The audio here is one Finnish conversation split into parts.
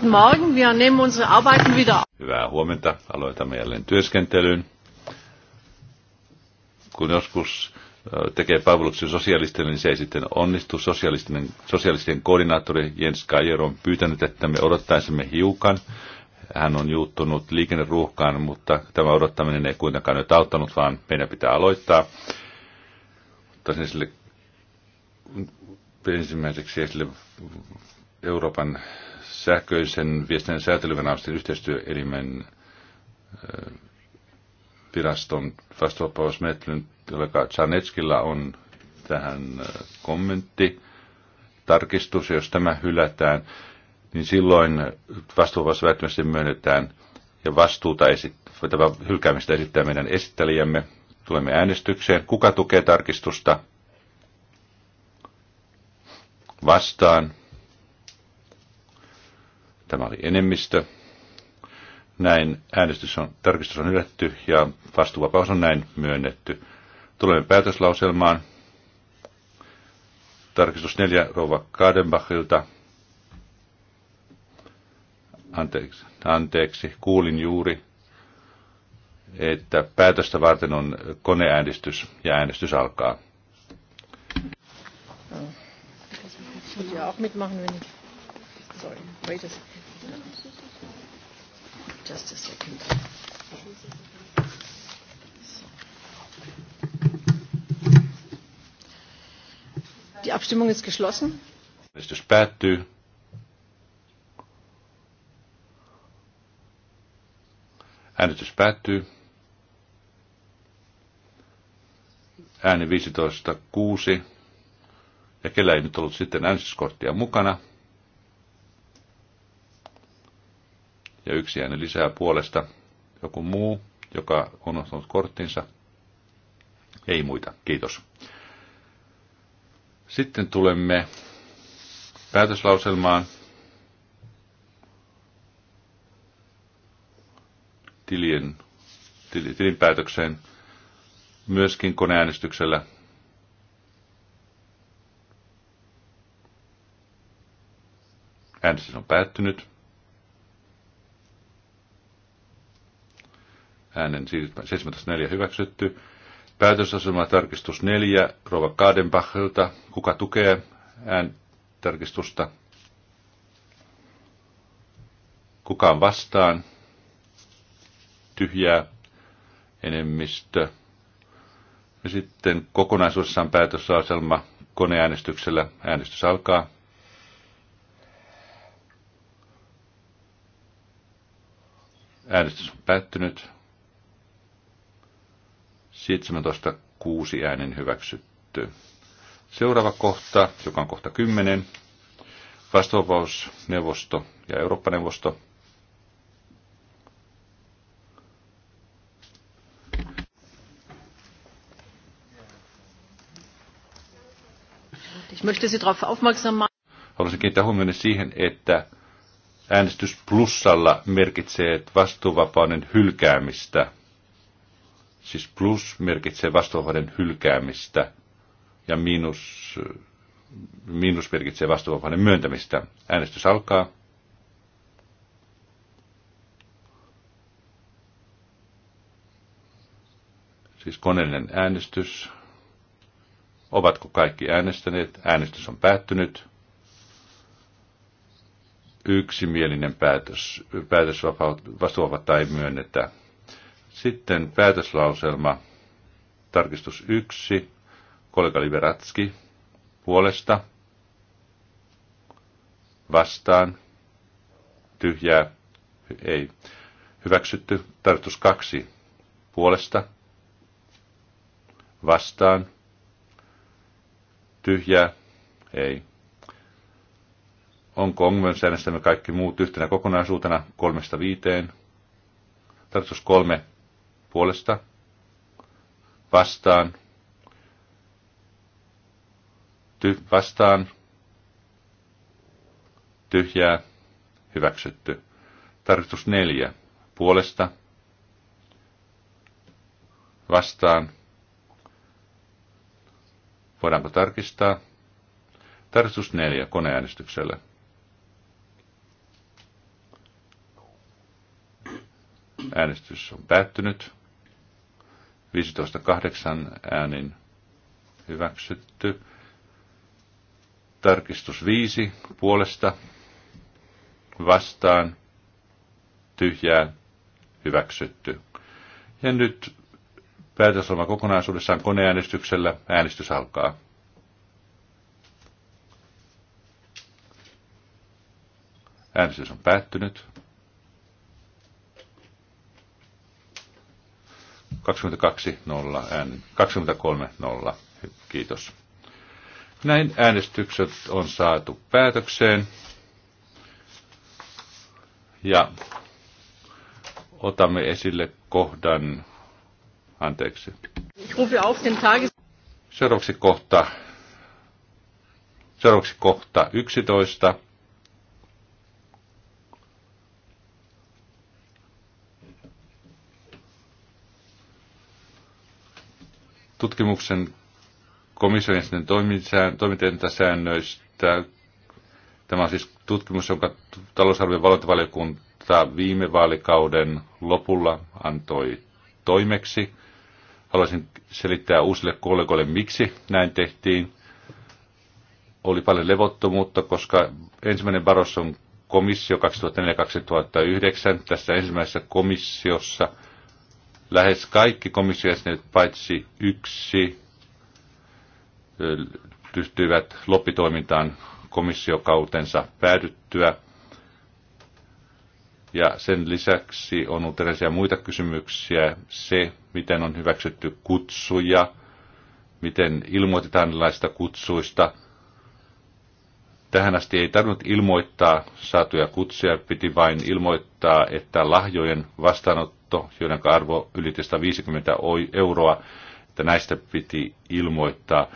Guten Morgen, wir nehmen unsere Arbeiten wieder auf. Hyvää huomenta, aloitamme jälleen työskentelyyn. Kun joskus tekee palveluksen sosialistille, niin se ei sitten onnistu. Sosialistinen, sosialistien koordinaattori Jens Kajer on pyytänyt, että me odottaisimme hiukan. Hän on juuttunut liikenneruuhkaan, mutta tämä odottaminen ei kuitenkaan nyt auttanut, vaan meidän pitää aloittaa. Ottaisin sille ensimmäiseksi esille Euroopan sähköisen viestinnän säätelyviranomaisten yhteistyöelimen äh, viraston vastuuvapausmenettelyn, joka Czarneckilla on tähän äh, kommentti, tarkistus, jos tämä hylätään, niin silloin vastuuvapausväittämästi myönnetään ja vastuuta esit- hylkäämistä esittää meidän esittelijämme. Tulemme äänestykseen. Kuka tukee tarkistusta? Vastaan. Tämä oli enemmistö. Näin äänestys on, tarkistus on hylätty ja vastuuvapaus on näin myönnetty. Tulemme päätöslauselmaan. Tarkistus 4 Rova Kadenbachilta. Anteeksi, anteeksi, kuulin juuri, että päätöstä varten on koneäänestys ja äänestys alkaa. Ja mitmachen, Sorry, wait a second. Just a second. Die Abstimmung ist geschlossen. Äänestys päättyy. Äänestys päättyy. Ääni 15.6. Ja kellä ei nyt ollut sitten äänestyskorttia mukana – ja yksi ääni lisää puolesta. Joku muu, joka on ostanut korttinsa. Ei muita, kiitos. Sitten tulemme päätöslauselmaan. Tilien, til, tilinpäätökseen myöskin koneäänestyksellä Äänestys on päättynyt. äänen 17.4 hyväksytty. Päätösasema tarkistus 4 Rova Kadenbachilta. Kuka tukee ään tarkistusta? Kukaan vastaan? Tyhjää enemmistö. Ja sitten kokonaisuudessaan päätösasema koneäänestyksellä. Äänestys alkaa. Äänestys on päättynyt. 17 kuusi äänen hyväksytty. Seuraava kohta, joka on kohta 10, vastuuvausneuvosto ja Eurooppa-neuvosto. Haluaisin kiinnittää huomioon siihen, että äänestys plussalla merkitsee vastuuvapauden hylkäämistä – Siis plus merkitsee vastuuvapauden hylkäämistä ja miinus, miinus merkitsee vastuuvapauden myöntämistä. Äänestys alkaa. Siis koneellinen äänestys. Ovatko kaikki äänestäneet? Äänestys on päättynyt. Yksimielinen päätös. Päätös vastuuvapautta ei myönnetä. Sitten päätöslauselma, tarkistus 1, kollega Liberatski, puolesta, vastaan, tyhjää, ei, hyväksytty, tarkistus 2, puolesta, vastaan, tyhjää, ei. Onko ongelmissa äänestämme kaikki muut yhtenä kokonaisuutena kolmesta viiteen? tarkistus kolme puolesta vastaan ty vastaan tyhjää hyväksytty. Tarkoitus neljä puolesta vastaan. Voidaanko tarkistaa? Tarkistus neljä koneäänestyksellä. Äänestys on päättynyt. 15.8 äänin hyväksytty. Tarkistus 5 puolesta vastaan tyhjää hyväksytty. Ja nyt päätösloma kokonaisuudessaan koneäänestyksellä äänestys alkaa. Äänestys on päättynyt. 23.0. Kiitos. Näin äänestykset on saatu päätökseen. Ja otamme esille kohdan, anteeksi. Seuraavaksi kohta, seuraavaksi kohta 11. tutkimuksen komission toimintasäännöistä. Tämä on siis tutkimus, jonka talousarvion valvontavaliokunta viime vaalikauden lopulla antoi toimeksi. Haluaisin selittää uusille kollegoille, miksi näin tehtiin. Oli paljon levottomuutta, koska ensimmäinen Barosson komissio 2004-2009, tässä ensimmäisessä komissiossa – lähes kaikki komissiojäsenet paitsi yksi ryhtyivät loppitoimintaan komissiokautensa päädyttyä. Ja sen lisäksi on ollut erilaisia muita kysymyksiä. Se, miten on hyväksytty kutsuja, miten ilmoitetaan erilaisista kutsuista – Tähän asti ei tarvinnut ilmoittaa saatuja kutsuja, piti vain ilmoittaa, että lahjojen vastaanotto, joiden arvo ylitti 150 euroa, että näistä piti ilmoittaa.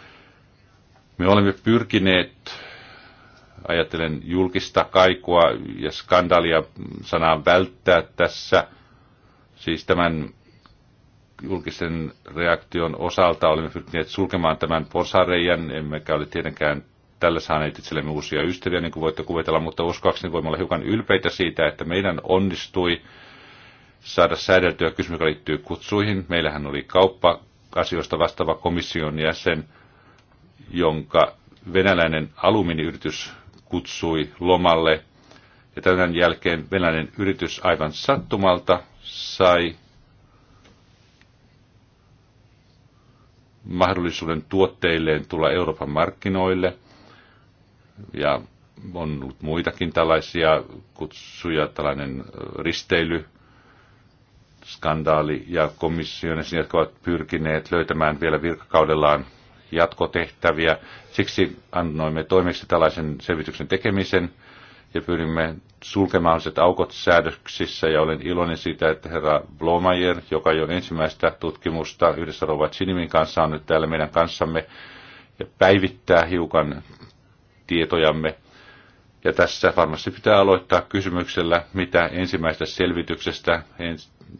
Me olemme pyrkineet, ajattelen julkista kaikua ja skandaalia sanaa välttää tässä, siis tämän julkisen reaktion osalta olemme pyrkineet sulkemaan tämän porsareijan, emmekä ole tietenkään tällä saaneet itsellemme uusia ystäviä, niin kuin voitte kuvitella, mutta uskoakseni voimme olla hiukan ylpeitä siitä, että meidän onnistui saada säädeltyä kysymys, joka liittyy kutsuihin. Meillähän oli kauppa-asioista vastaava komission jäsen, jonka venäläinen alumiiniyritys kutsui lomalle. Ja tämän jälkeen venäläinen yritys aivan sattumalta sai mahdollisuuden tuotteilleen tulla Euroopan markkinoille ja on ollut muitakin tällaisia kutsuja, tällainen risteily, skandaali ja komission jotka ovat pyrkineet löytämään vielä virkakaudellaan jatkotehtäviä. Siksi annoimme toimeksi tällaisen selvityksen tekemisen ja pyrimme sulkemaan set aukot säädöksissä ja olen iloinen siitä, että herra Blomayer, joka jo ensimmäistä tutkimusta yhdessä Rovat Sinimin kanssa on nyt täällä meidän kanssamme ja päivittää hiukan tietojamme. Ja tässä varmasti pitää aloittaa kysymyksellä, mitä ensimmäistä selvityksestä,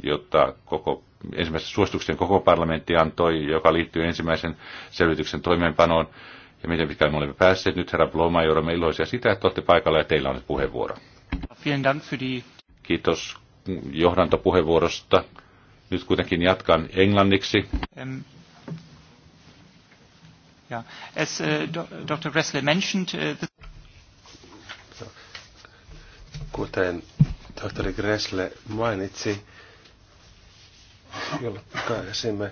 jota koko, ensimmäisestä suosituksen koko parlamentti antoi, joka liittyy ensimmäisen selvityksen toimeenpanoon, ja miten pitkään me olemme päässeet. Nyt herra Bloma, joudumme iloisia sitä, että olette paikalla ja teillä on nyt puheenvuoro. Kiitos johdantopuheenvuorosta. Nyt kuitenkin jatkan englanniksi. Yeah. As uh, Dr. Ressler mentioned, uh, the Kuten tohtori Gressle mainitsi, julkaisimme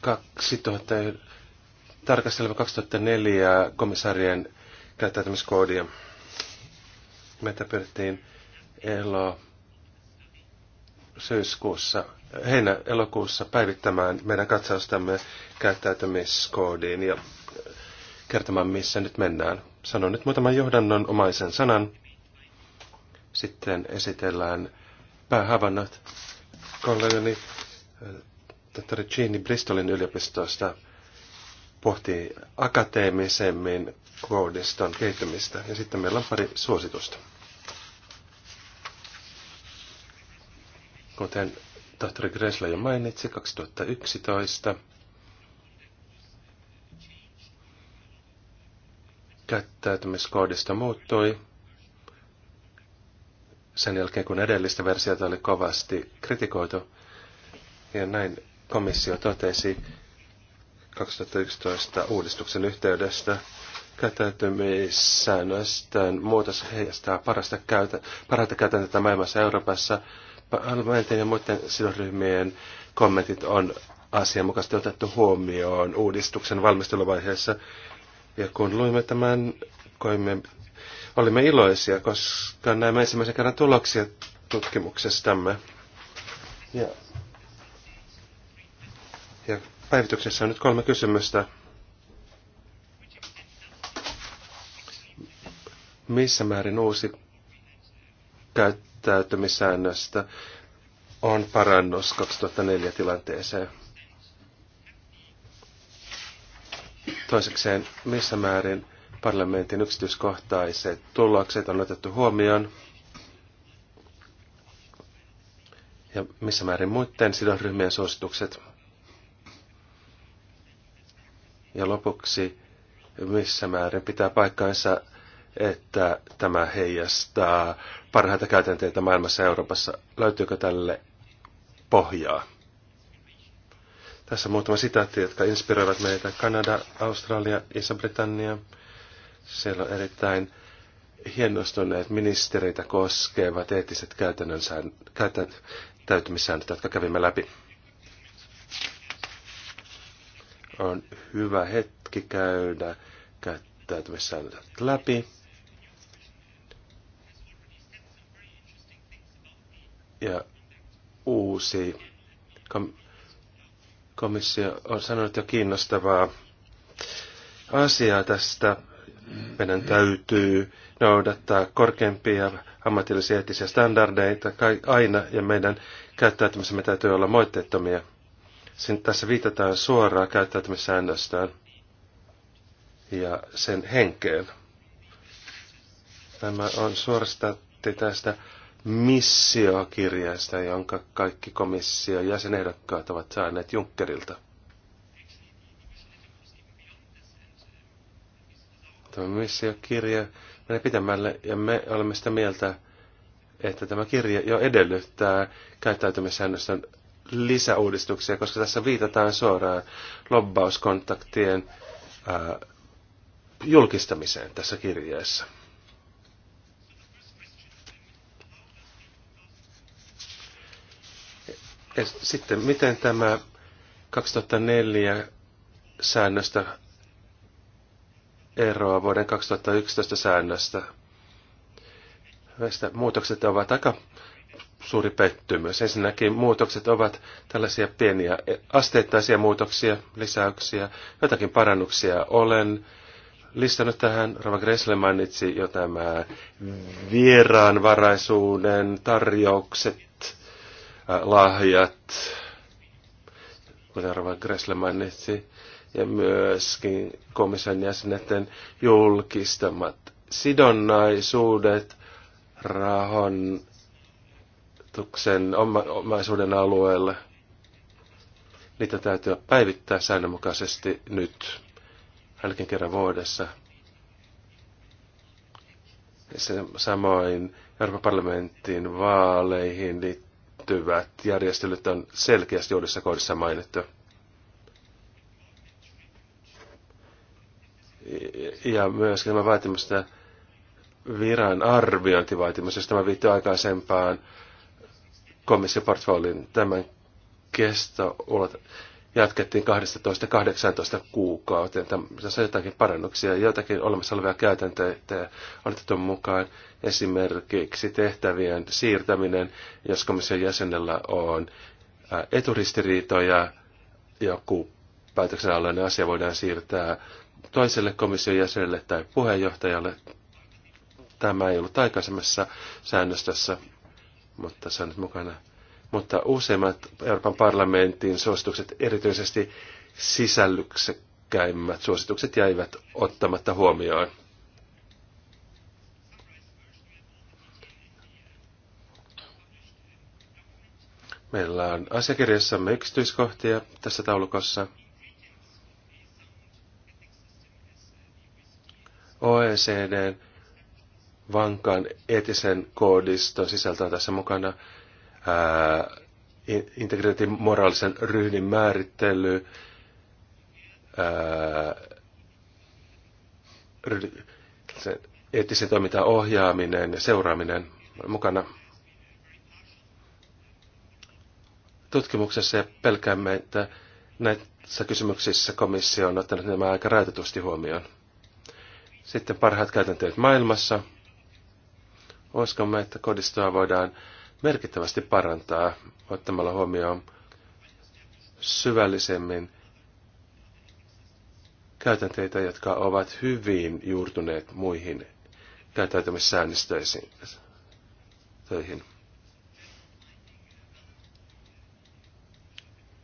2000, tarkastelemme 2004 komissaarien käyttäytymiskoodia. Meitä pyrittiin elo syyskuussa, heinä elokuussa päivittämään meidän katsaustamme käyttäytymiskoodiin ja kertomaan, missä nyt mennään. Sanon nyt muutaman johdannon omaisen sanan. Sitten esitellään päähavannat kollegani äh, tohtori Gini Bristolin yliopistosta pohtii akateemisemmin koodiston kehittymistä. Ja sitten meillä on pari suositusta. Kuten tohtori Gresla jo mainitsi, 2011 käyttäytymiskoodista muuttui sen jälkeen, kun edellistä versiota oli kovasti kritikoitu. Ja näin komissio totesi 2011 uudistuksen yhteydestä käyttäytymissäännöstön muutos heijastaa parasta käytä, parasta käytäntöä maailmassa Euroopassa. Parlamentin ja muiden sidosryhmien kommentit on asianmukaisesti otettu huomioon uudistuksen valmisteluvaiheessa ja kun luimme tämän, koimme, olimme iloisia, koska näemme ensimmäisen kerran tuloksia tutkimuksestamme. Ja, ja päivityksessä on nyt kolme kysymystä. Missä määrin uusi käyttäytymissäännöstä on parannus 2004 tilanteeseen? Toisekseen, missä määrin parlamentin yksityiskohtaiset tulokset on otettu huomioon ja missä määrin muiden sidosryhmien suositukset. Ja lopuksi, missä määrin pitää paikkaansa, että tämä heijastaa parhaita käytänteitä maailmassa ja Euroopassa. Löytyykö tälle pohjaa? Tässä muutama sitaatti, jotka inspiroivat meitä. Kanada, Australia, Iso-Britannia. Siellä on erittäin hienostuneet ministeriitä koskevat eettiset käytännön sään, käytän, täytymissäännöt, jotka kävimme läpi. On hyvä hetki käydä käyttäytymissäännöt läpi. Ja uusi kom- Komissio on sanonut jo kiinnostavaa asiaa tästä. Meidän täytyy noudattaa korkeampia ammatillisia eettisiä standardeita aina, ja meidän käyttäytymisemme täytyy olla moitteettomia. Sen, tässä viitataan suoraan käyttäytymissäännöstään ja sen henkeen. Tämä on suorastaan tästä missiokirjeestä, jonka kaikki komissio jäsenehdokkaat ovat saaneet Junckerilta. Tämä missiokirje menee pitämälle ja me olemme sitä mieltä, että tämä kirje jo edellyttää käyttäytymissäännöstön lisäuudistuksia, koska tässä viitataan suoraan lobbauskontaktien ää, julkistamiseen tässä kirjeessä. Ja sitten miten tämä 2004 säännöstä eroa vuoden 2011 säännöstä? Näistä muutokset ovat aika suuri pettymys. Ensinnäkin muutokset ovat tällaisia pieniä asteittaisia muutoksia, lisäyksiä, jotakin parannuksia olen listannut tähän. Rava Gressle mainitsi jo tämä vieraanvaraisuuden tarjoukset lahjat, kuten Rova Gressle mainitsi, ja myöskin komission jäseneten julkistamat sidonnaisuudet oma, omaisuuden alueelle. Niitä täytyy päivittää säännönmukaisesti nyt, ainakin kerran vuodessa. samoin Euroopan parlamentin vaaleihin liittyy liittyvät järjestelyt on selkeästi uudessa kohdissa mainittu. Ja myös tämä vaatimus, viran arviointivaatimus, jos tämä viittyy aikaisempaan komissioportfolin tämän kesto jatkettiin 12-18 kuukauteen. Tässä on jotakin parannuksia, jotakin olemassa olevia käytäntöitä on otettu mukaan. Esimerkiksi tehtävien siirtäminen, jos komission jäsenellä on äh, eturistiriitoja, joku päätöksen alainen asia voidaan siirtää toiselle komission jäsenelle tai puheenjohtajalle. Tämä ei ollut aikaisemmassa säännöstössä, mutta se on nyt mukana mutta useimmat Euroopan parlamentin suositukset, erityisesti sisällyksekkäimmät suositukset, jäivät ottamatta huomioon. Meillä on asiakirjassamme yksityiskohtia tässä taulukossa. OECD vankan etisen koodiston sisältö on tässä mukana integriteetin moraalisen ryhdin määrittely, ää, sen eettisen toimintaan ohjaaminen ja seuraaminen mukana. Tutkimuksessa ja pelkäämme, että näissä kysymyksissä komissio on ottanut nämä aika rajoitetusti huomioon. Sitten parhaat käytänteet maailmassa. Uskomme, että kodistoa voidaan merkittävästi parantaa ottamalla huomioon syvällisemmin käytänteitä, jotka ovat hyvin juurtuneet muihin käyttäytymissäännöstöihin.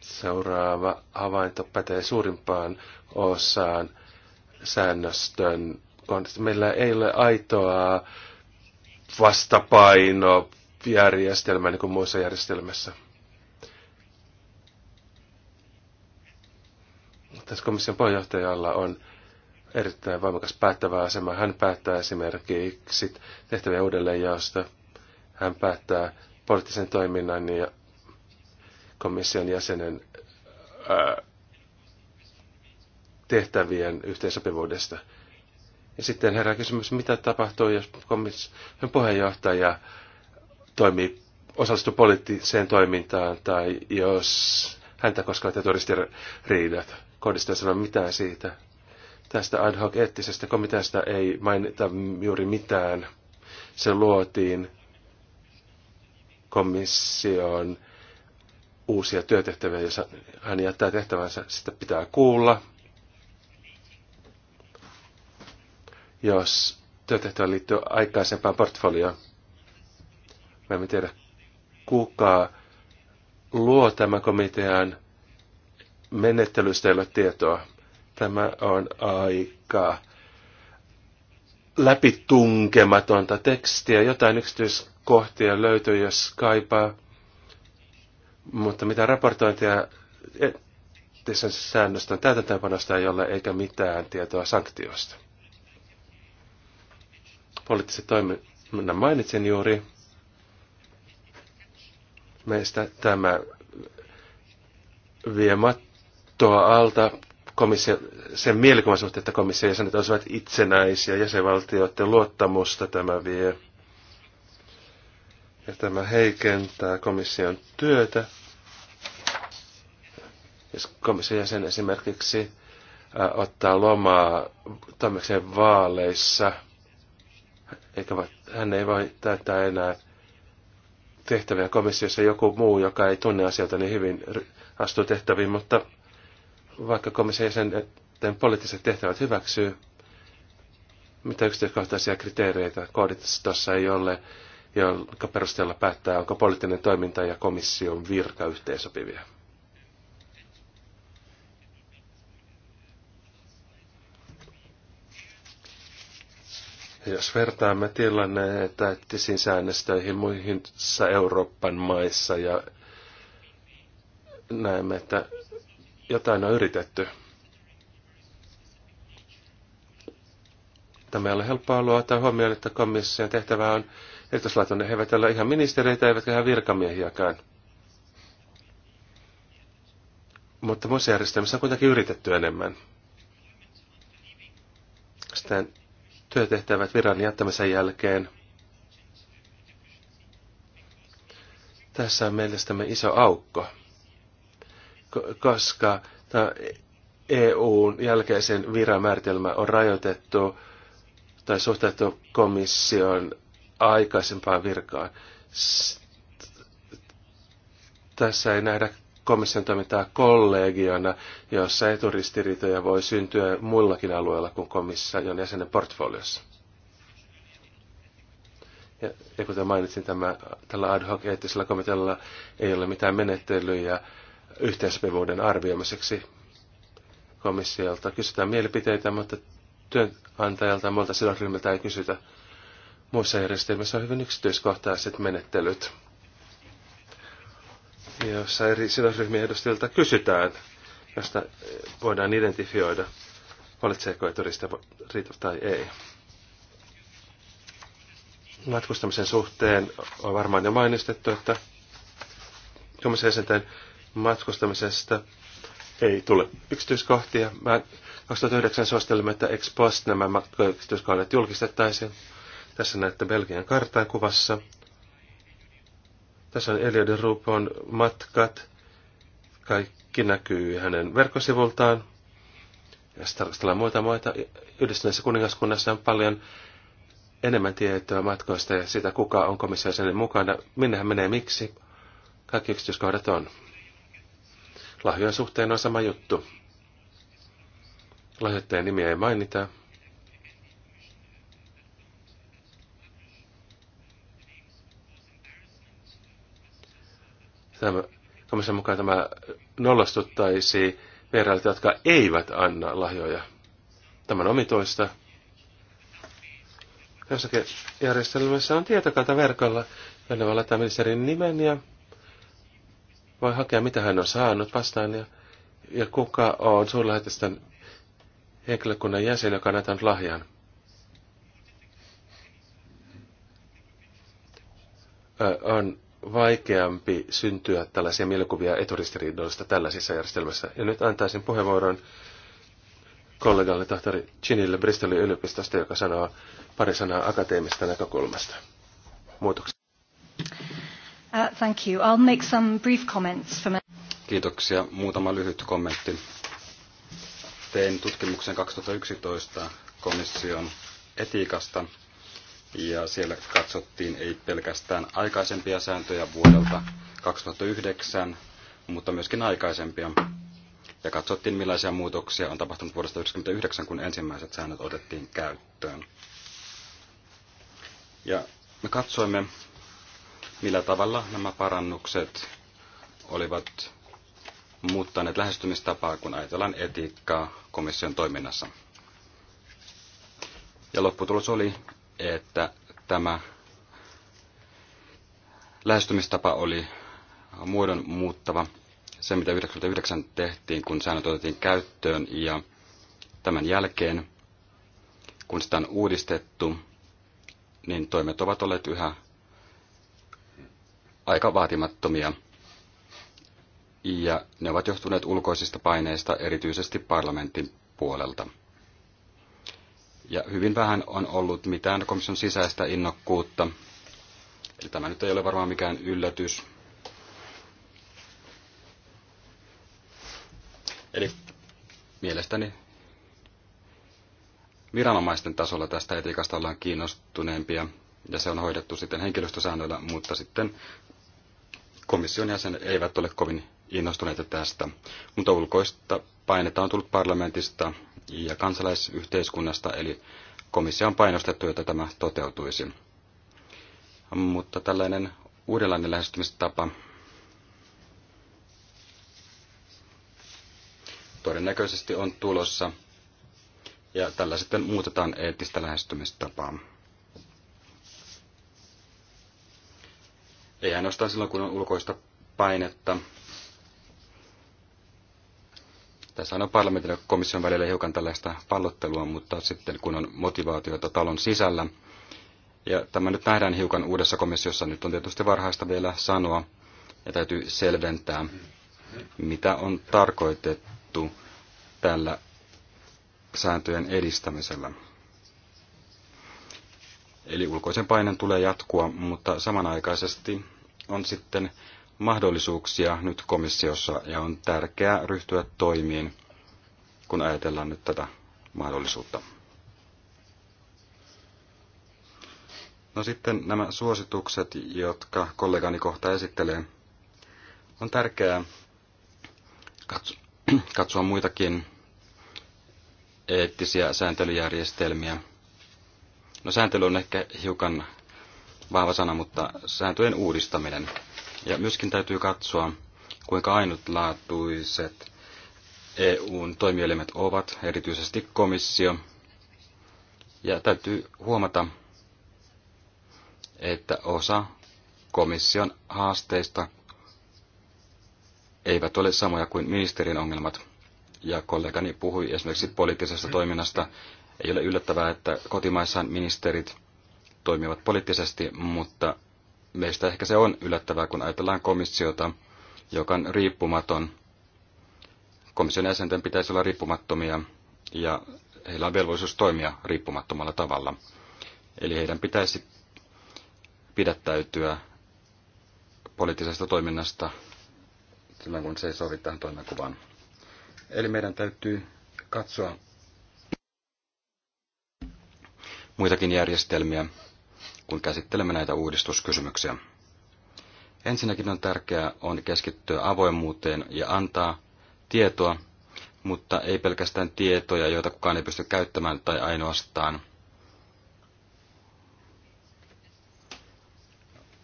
Seuraava havainto pätee suurimpaan osaan säännöstön. Meillä ei ole aitoa vastapaino järjestelmää niin kuin muissa järjestelmissä. Tässä komission puheenjohtajalla on erittäin voimakas päättävä asema. Hän päättää esimerkiksi tehtävien uudelleenjaosta. Hän päättää poliittisen toiminnan ja komission jäsenen ää, tehtävien yhteensopivuudesta. Ja sitten herää kysymys, mitä tapahtuu, jos komission puheenjohtaja toimii, osallistuu poliittiseen toimintaan tai jos häntä koskaan te turistiriidat. Kohdista ei sano mitään siitä. Tästä ad hoc eettisestä komiteasta ei mainita juuri mitään. Se luotiin komission uusia työtehtäviä, jos hän jättää tehtävänsä, sitä pitää kuulla. Jos työtehtävä liittyy aikaisempaan portfolioon, Mä en tiedä, kuka luo tämän komitean menettelystä ei ole tietoa. Tämä on aika läpitunkematonta tekstiä. Jotain yksityiskohtia löytyy, jos kaipaa. Mutta mitä raportointia eettisen säännöstä täytäntöönpanosta ei ole, eikä mitään tietoa sanktioista. Poliittiset toiminnan mainitsin juuri. Meistä tämä vie mattoa alta komissio, sen mielikuvan suhteen, että komission jäsenet olisivat itsenäisiä jäsenvaltioiden luottamusta tämä vie. Ja tämä heikentää komission työtä. Jos komission jäsen esimerkiksi äh, ottaa lomaa tämmöiseen vaaleissa, eikä hän ei voi täyttää enää tehtäviä komissiossa joku muu, joka ei tunne asioita niin hyvin, astuu tehtäviin, mutta vaikka komission jäsenten poliittiset tehtävät hyväksyy, mitä yksityiskohtaisia kriteereitä kooditossa ei ole, jonka perusteella päättää, onko poliittinen toiminta ja komission virka yhteensopivia. Jos vertaamme tilannetta TISin säännöstöihin muihin Euroopan maissa ja näemme, että jotain on yritetty. Tämä ei ole helppoa alue ottaa huomioon, että komission tehtävä on erityislaatuinen. He eivät ole ihan ministereitä, eivätkä ihan virkamiehiäkään. Mutta muissa järjestelmissä on kuitenkin yritetty enemmän. Sitten työtehtävät viran jättämisen jälkeen. Tässä on mielestämme iso aukko, koska EUn jälkeisen viramääritelmä on rajoitettu tai suhteutettu komission aikaisempaan virkaan. Tässä ei nähdä komission toimintaa kollegiona, jossa eturistiriitoja voi syntyä muillakin alueilla kuin komission jäsenen portfoliossa. Ja, ja kuten mainitsin, tämä, tällä ad hoc eettisellä komitealla ei ole mitään menettelyjä yhteensopivuuden arvioimiseksi komissiolta. Kysytään mielipiteitä, mutta työnantajalta ja muilta sidosryhmiltä ei kysytä. Muissa järjestelmissä on hyvin yksityiskohtaiset menettelyt jossa eri sidosryhmien edustajilta kysytään, josta voidaan identifioida, valitseeko riitä tai ei. Matkustamisen suhteen on varmaan jo mainistettu, että komission jäsenten matkustamisesta ei tule yksityiskohtia. Mä 2009 suosittelimme, että ex post nämä yksityiskohdat julkistettaisiin. Tässä näette Belgian kartan kuvassa. Tässä on Eliodin Rupon matkat. Kaikki näkyy hänen verkkosivultaan. Ja sitten tarkastellaan muita muita. Yhdistyneessä kuningaskunnassa on paljon enemmän tietoa matkoista ja siitä, kuka on komissiosenen mukana, minne hän menee, miksi. Kaikki yksityiskohdat on. Lahjojen suhteen on sama juttu. Lahjoittajan nimiä ei mainita. tämä, komission mukaan tämä nollastuttaisi vierailta, jotka eivät anna lahjoja. Tämä on omitoista. Jossakin järjestelmässä on tietokanta verkolla, jonne voi laittaa ministerin nimen ja voi hakea, mitä hän on saanut vastaan ja, ja kuka on suurlähetystön henkilökunnan jäsen, joka on antanut lahjan. Ö, on vaikeampi syntyä tällaisia mielikuvia eturistiriidoista tällaisissa järjestelmissä. Ja nyt antaisin puheenvuoron kollegalle tohtori Chinille Bristolin yliopistosta, joka sanoo pari sanaa akateemisesta näkökulmasta. Muutoksia. Uh, thank you. I'll make some brief comments from... Kiitoksia. Muutama lyhyt kommentti. Tein tutkimuksen 2011 komission etiikasta ja siellä katsottiin ei pelkästään aikaisempia sääntöjä vuodelta 2009, mutta myöskin aikaisempia. Ja katsottiin, millaisia muutoksia on tapahtunut vuodesta 1999, kun ensimmäiset säännöt otettiin käyttöön. Ja me katsoimme, millä tavalla nämä parannukset olivat muuttaneet lähestymistapaa, kun ajatellaan etiikkaa komission toiminnassa. Ja lopputulos oli, että tämä lähestymistapa oli muodon muuttava. Se, mitä 99 tehtiin, kun säännöt otettiin käyttöön ja tämän jälkeen, kun sitä on uudistettu, niin toimet ovat olleet yhä aika vaatimattomia. Ja ne ovat johtuneet ulkoisista paineista erityisesti parlamentin puolelta. Ja hyvin vähän on ollut mitään komission sisäistä innokkuutta. Eli tämä nyt ei ole varmaan mikään yllätys. Eli mielestäni viranomaisten tasolla tästä etiikasta ollaan kiinnostuneempia, ja se on hoidettu sitten henkilöstösäännöillä, mutta sitten komission jäsenet eivät ole kovin innostuneita tästä. Mutta ulkoista painetta on tullut parlamentista ja kansalaisyhteiskunnasta, eli komissio on painostettu, jotta tämä toteutuisi. Mutta tällainen uudenlainen lähestymistapa todennäköisesti on tulossa, ja tällä sitten muutetaan eettistä lähestymistapaa. Ei ainoastaan silloin, kun on ulkoista painetta, tässä on parlamentin ja komission välillä hiukan tällaista pallottelua, mutta sitten kun on motivaatiota talon sisällä, ja tämä nyt nähdään hiukan uudessa komissiossa, nyt on tietysti varhaista vielä sanoa, ja täytyy selventää, mitä on tarkoitettu tällä sääntöjen edistämisellä. Eli ulkoisen paineen tulee jatkua, mutta samanaikaisesti on sitten mahdollisuuksia nyt komissiossa ja on tärkeää ryhtyä toimiin, kun ajatellaan nyt tätä mahdollisuutta. No sitten nämä suositukset, jotka kollegani kohta esittelee. On tärkeää katsoa muitakin eettisiä sääntelyjärjestelmiä. No sääntely on ehkä hiukan vahva sana, mutta sääntöjen uudistaminen – ja myöskin täytyy katsoa, kuinka ainutlaatuiset EUn toimielimet ovat, erityisesti komissio. Ja täytyy huomata, että osa komission haasteista eivät ole samoja kuin ministerin ongelmat. Ja kollegani puhui esimerkiksi poliittisesta toiminnasta. Ei ole yllättävää, että kotimaissaan ministerit toimivat poliittisesti, mutta Meistä ehkä se on yllättävää, kun ajatellaan komissiota, joka on riippumaton. Komission jäsenten pitäisi olla riippumattomia ja heillä on velvollisuus toimia riippumattomalla tavalla. Eli heidän pitäisi pidättäytyä poliittisesta toiminnasta silloin, kun se ei sovi tähän toimenkuvaan. Eli meidän täytyy katsoa muitakin järjestelmiä, kun käsittelemme näitä uudistuskysymyksiä. Ensinnäkin on tärkeää on keskittyä avoimuuteen ja antaa tietoa, mutta ei pelkästään tietoja, joita kukaan ei pysty käyttämään tai ainoastaan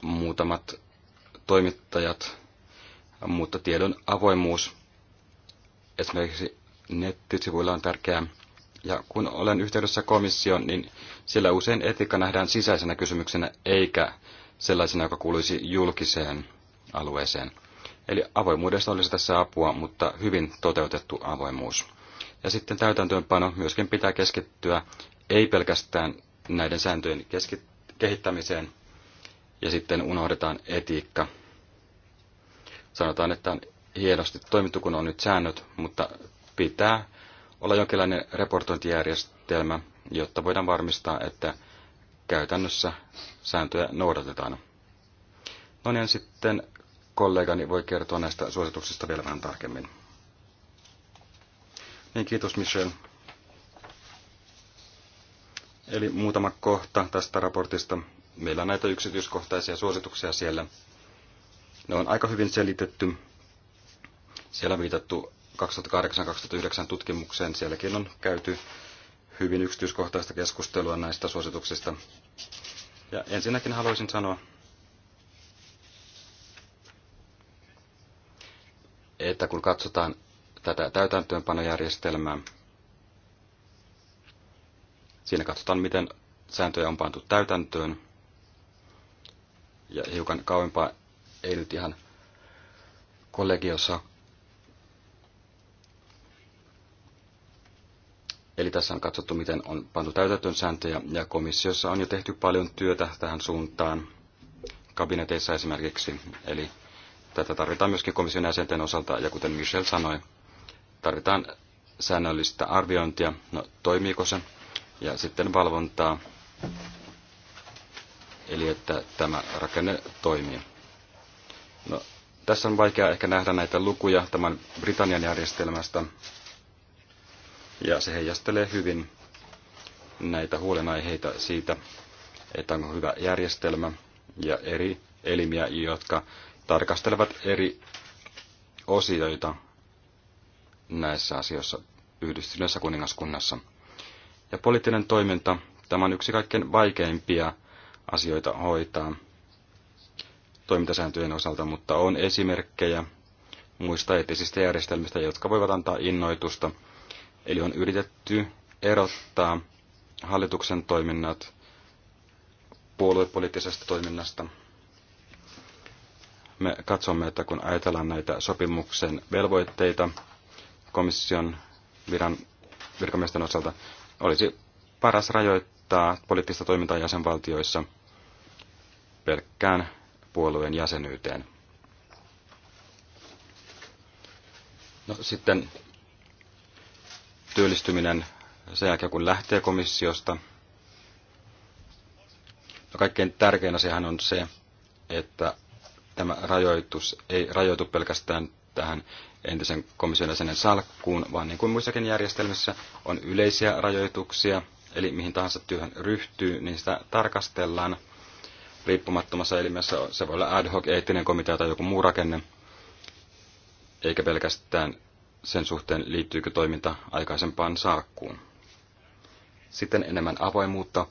muutamat toimittajat, mutta tiedon avoimuus esimerkiksi nettisivuilla on tärkeää. Ja kun olen yhteydessä komissioon, niin siellä usein etiikka nähdään sisäisenä kysymyksenä eikä sellaisena, joka kuuluisi julkiseen alueeseen. Eli avoimuudesta olisi tässä apua, mutta hyvin toteutettu avoimuus. Ja sitten täytäntöönpano myöskin pitää keskittyä ei pelkästään näiden sääntöjen kehittämiseen ja sitten unohdetaan etiikka. Sanotaan, että on hienosti toimittu, kun on nyt säännöt, mutta pitää olla jonkinlainen raportointijärjestelmä, jotta voidaan varmistaa, että käytännössä sääntöjä noudatetaan. No niin, sitten kollegani voi kertoa näistä suosituksista vielä vähän tarkemmin. Niin, kiitos Michel. Eli muutama kohta tästä raportista. Meillä on näitä yksityiskohtaisia suosituksia siellä. Ne on aika hyvin selitetty. Siellä on viitattu 2008-2009 tutkimukseen. Sielläkin on käyty hyvin yksityiskohtaista keskustelua näistä suosituksista. Ja ensinnäkin haluaisin sanoa, että kun katsotaan tätä täytäntöönpanojärjestelmää, siinä katsotaan, miten sääntöjä on pantu täytäntöön. Ja hiukan kauempaa ei nyt ihan kollegiossa Eli tässä on katsottu, miten on pantu täytäntöön sääntöjä, ja komissiossa on jo tehty paljon työtä tähän suuntaan, kabineteissa esimerkiksi. Eli tätä tarvitaan myöskin komission jäsenten osalta, ja kuten Michel sanoi, tarvitaan säännöllistä arviointia, no toimiiko se, ja sitten valvontaa, eli että tämä rakenne toimii. No, tässä on vaikea ehkä nähdä näitä lukuja tämän Britannian järjestelmästä, ja se heijastelee hyvin näitä huolenaiheita siitä, että onko hyvä järjestelmä ja eri elimiä, jotka tarkastelevat eri osioita näissä asioissa yhdistyneessä kuningaskunnassa. Ja poliittinen toiminta, tämä on yksi kaikkein vaikeimpia asioita hoitaa toimintasääntöjen osalta, mutta on esimerkkejä muista eettisistä järjestelmistä, jotka voivat antaa innoitusta – Eli on yritetty erottaa hallituksen toiminnat puoluepoliittisesta toiminnasta. Me katsomme, että kun ajatellaan näitä sopimuksen velvoitteita komission viran, virkamiesten osalta, olisi paras rajoittaa poliittista toimintaa jäsenvaltioissa pelkkään puolueen jäsenyyteen. No, sitten työllistyminen sen jälkeen, kun lähtee komissiosta. No kaikkein tärkein asiahan on se, että tämä rajoitus ei rajoitu pelkästään tähän entisen komission jäsenen salkkuun, vaan niin kuin muissakin järjestelmissä on yleisiä rajoituksia, eli mihin tahansa työhön ryhtyy, niin sitä tarkastellaan riippumattomassa elimessä. Se voi olla ad hoc eettinen komitea tai joku muu rakenne, eikä pelkästään sen suhteen, liittyykö toiminta aikaisempaan saakkuun. Sitten enemmän avoimuutta.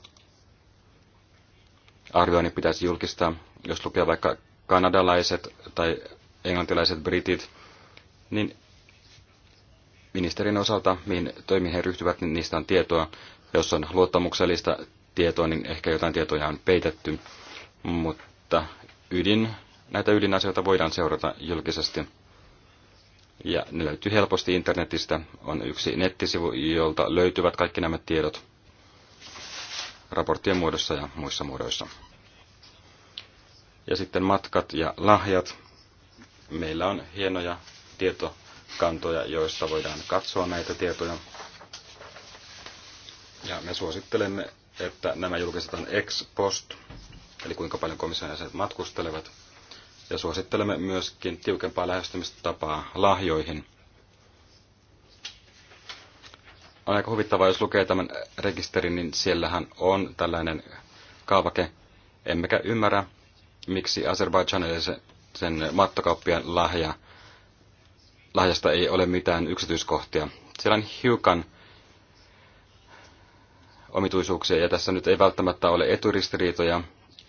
Arvioinnin pitäisi julkistaa, jos lukee vaikka kanadalaiset tai englantilaiset britit, niin ministerin osalta, mihin toimiin he ryhtyvät, niin niistä on tietoa. Jos on luottamuksellista tietoa, niin ehkä jotain tietoja on peitetty, mutta ydin, näitä ydinasioita voidaan seurata julkisesti. Ja ne löytyy helposti internetistä. On yksi nettisivu, jolta löytyvät kaikki nämä tiedot raporttien muodossa ja muissa muodoissa. Ja sitten matkat ja lahjat. Meillä on hienoja tietokantoja, joissa voidaan katsoa näitä tietoja. Ja me suosittelemme, että nämä julkistetaan ex post, eli kuinka paljon komission jäsenet matkustelevat – ja suosittelemme myöskin tiukempaa lähestymistapaa lahjoihin. On aika huvittavaa, jos lukee tämän rekisterin, niin siellähän on tällainen kaavake. Emmekä ymmärrä, miksi Azerbaidžanille sen mattokauppian lahja, lahjasta ei ole mitään yksityiskohtia. Siellä on hiukan omituisuuksia ja tässä nyt ei välttämättä ole eturistiriitoja,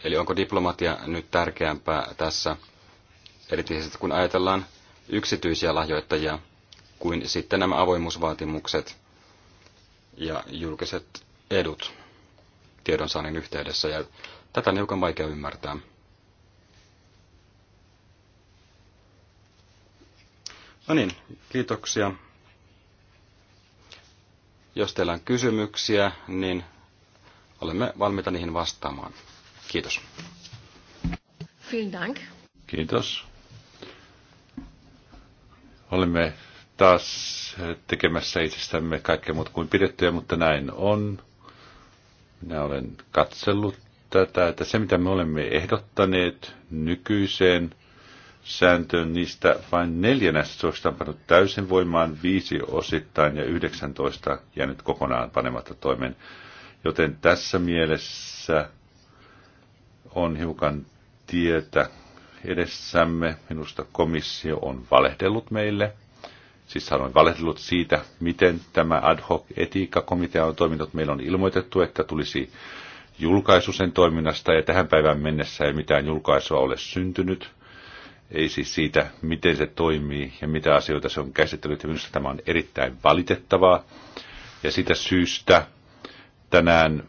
Eli onko diplomatia nyt tärkeämpää tässä, erityisesti kun ajatellaan yksityisiä lahjoittajia, kuin sitten nämä avoimuusvaatimukset ja julkiset edut tiedonsaannin yhteydessä. Ja tätä on hiukan vaikea ymmärtää. No niin, kiitoksia. Jos teillä on kysymyksiä, niin olemme valmiita niihin vastaamaan. Kiitos. Dank. Kiitos. Olemme taas tekemässä itsestämme kaikkea muuta kuin pidettyä, mutta näin on. Minä olen katsellut tätä, että se mitä me olemme ehdottaneet nykyiseen sääntöön, niistä vain neljännestä suosista on pannut täysin voimaan viisi osittain ja 19 jäänyt kokonaan panematta toimen. Joten tässä mielessä on hiukan tietä edessämme. Minusta komissio on valehdellut meille. Siis hän on valehdellut siitä, miten tämä ad hoc etiikkakomitea on toiminut. Meillä on ilmoitettu, että tulisi julkaisu sen toiminnasta ja tähän päivään mennessä ei mitään julkaisua ole syntynyt. Ei siis siitä, miten se toimii ja mitä asioita se on käsitellyt. Ja minusta tämä on erittäin valitettavaa. Ja sitä syystä tänään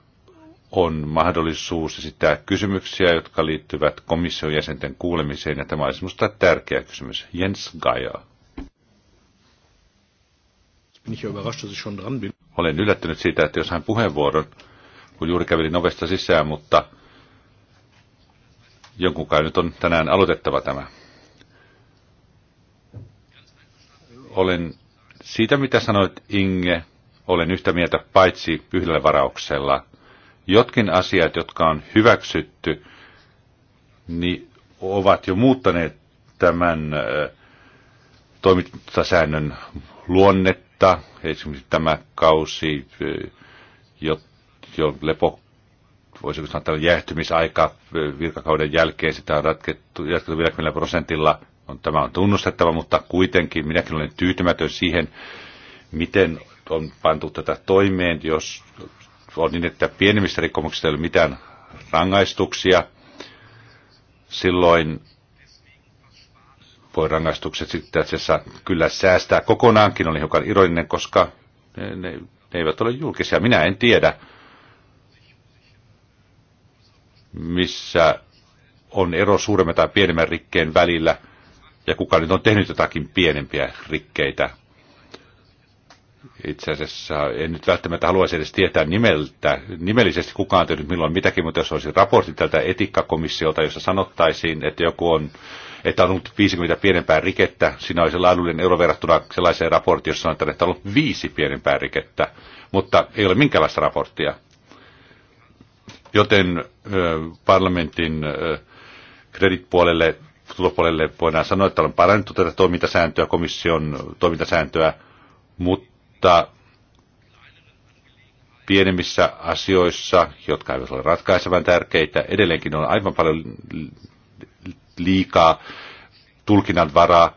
on mahdollisuus esittää kysymyksiä, jotka liittyvät komission jäsenten kuulemiseen, ja tämä olisi minusta tärkeä kysymys. Jens Gaja. Olen yllättynyt siitä, että jos hän puheenvuoron, kun juuri kävelin ovesta sisään, mutta jonkun kai nyt on tänään aloitettava tämä. Olen siitä, mitä sanoit Inge, olen yhtä mieltä paitsi yhdellä varauksella – jotkin asiat, jotka on hyväksytty, niin ovat jo muuttaneet tämän toimintasäännön luonnetta. Esimerkiksi tämä kausi, jo, jo lepo, voisiko sanoa tällä jäähtymisaika virkakauden jälkeen, sitä on ratkettu, jatkettu 50 prosentilla. On, tämä on tunnustettava, mutta kuitenkin minäkin olen tyytymätön siihen, miten on pantu tätä toimeen, jos on niin, että pienemmistä rikkomuksista ei ole mitään rangaistuksia. Silloin voi rangaistukset sitten asiassa kyllä säästää kokonaankin. Oli hiukan ironinen, koska ne, ne, ne eivät ole julkisia. Minä en tiedä, missä on ero suuremman tai pienemmän rikkeen välillä ja kuka nyt on tehnyt jotakin pienempiä rikkeitä itse asiassa, en nyt välttämättä haluaisi edes tietää nimeltä, nimellisesti kukaan on tehnyt milloin mitäkin, mutta jos olisi raportti tältä etikkakomissiolta, jossa sanottaisiin, että joku on että on ollut 50 pienempää rikettä. Siinä olisi laadullinen euro verrattuna sellaiseen raporttiin, jossa sanotaan, että on ollut viisi pienempää rikettä, mutta ei ole minkäänlaista raporttia. Joten parlamentin kreditpuolelle, tulopuolelle voidaan sanoa, että on parannettu tätä toimintasääntöä, komission toimintasääntöä, mutta mutta pienemmissä asioissa, jotka eivät ole ratkaisevan tärkeitä, edelleenkin on aivan paljon liikaa tulkinnan varaa,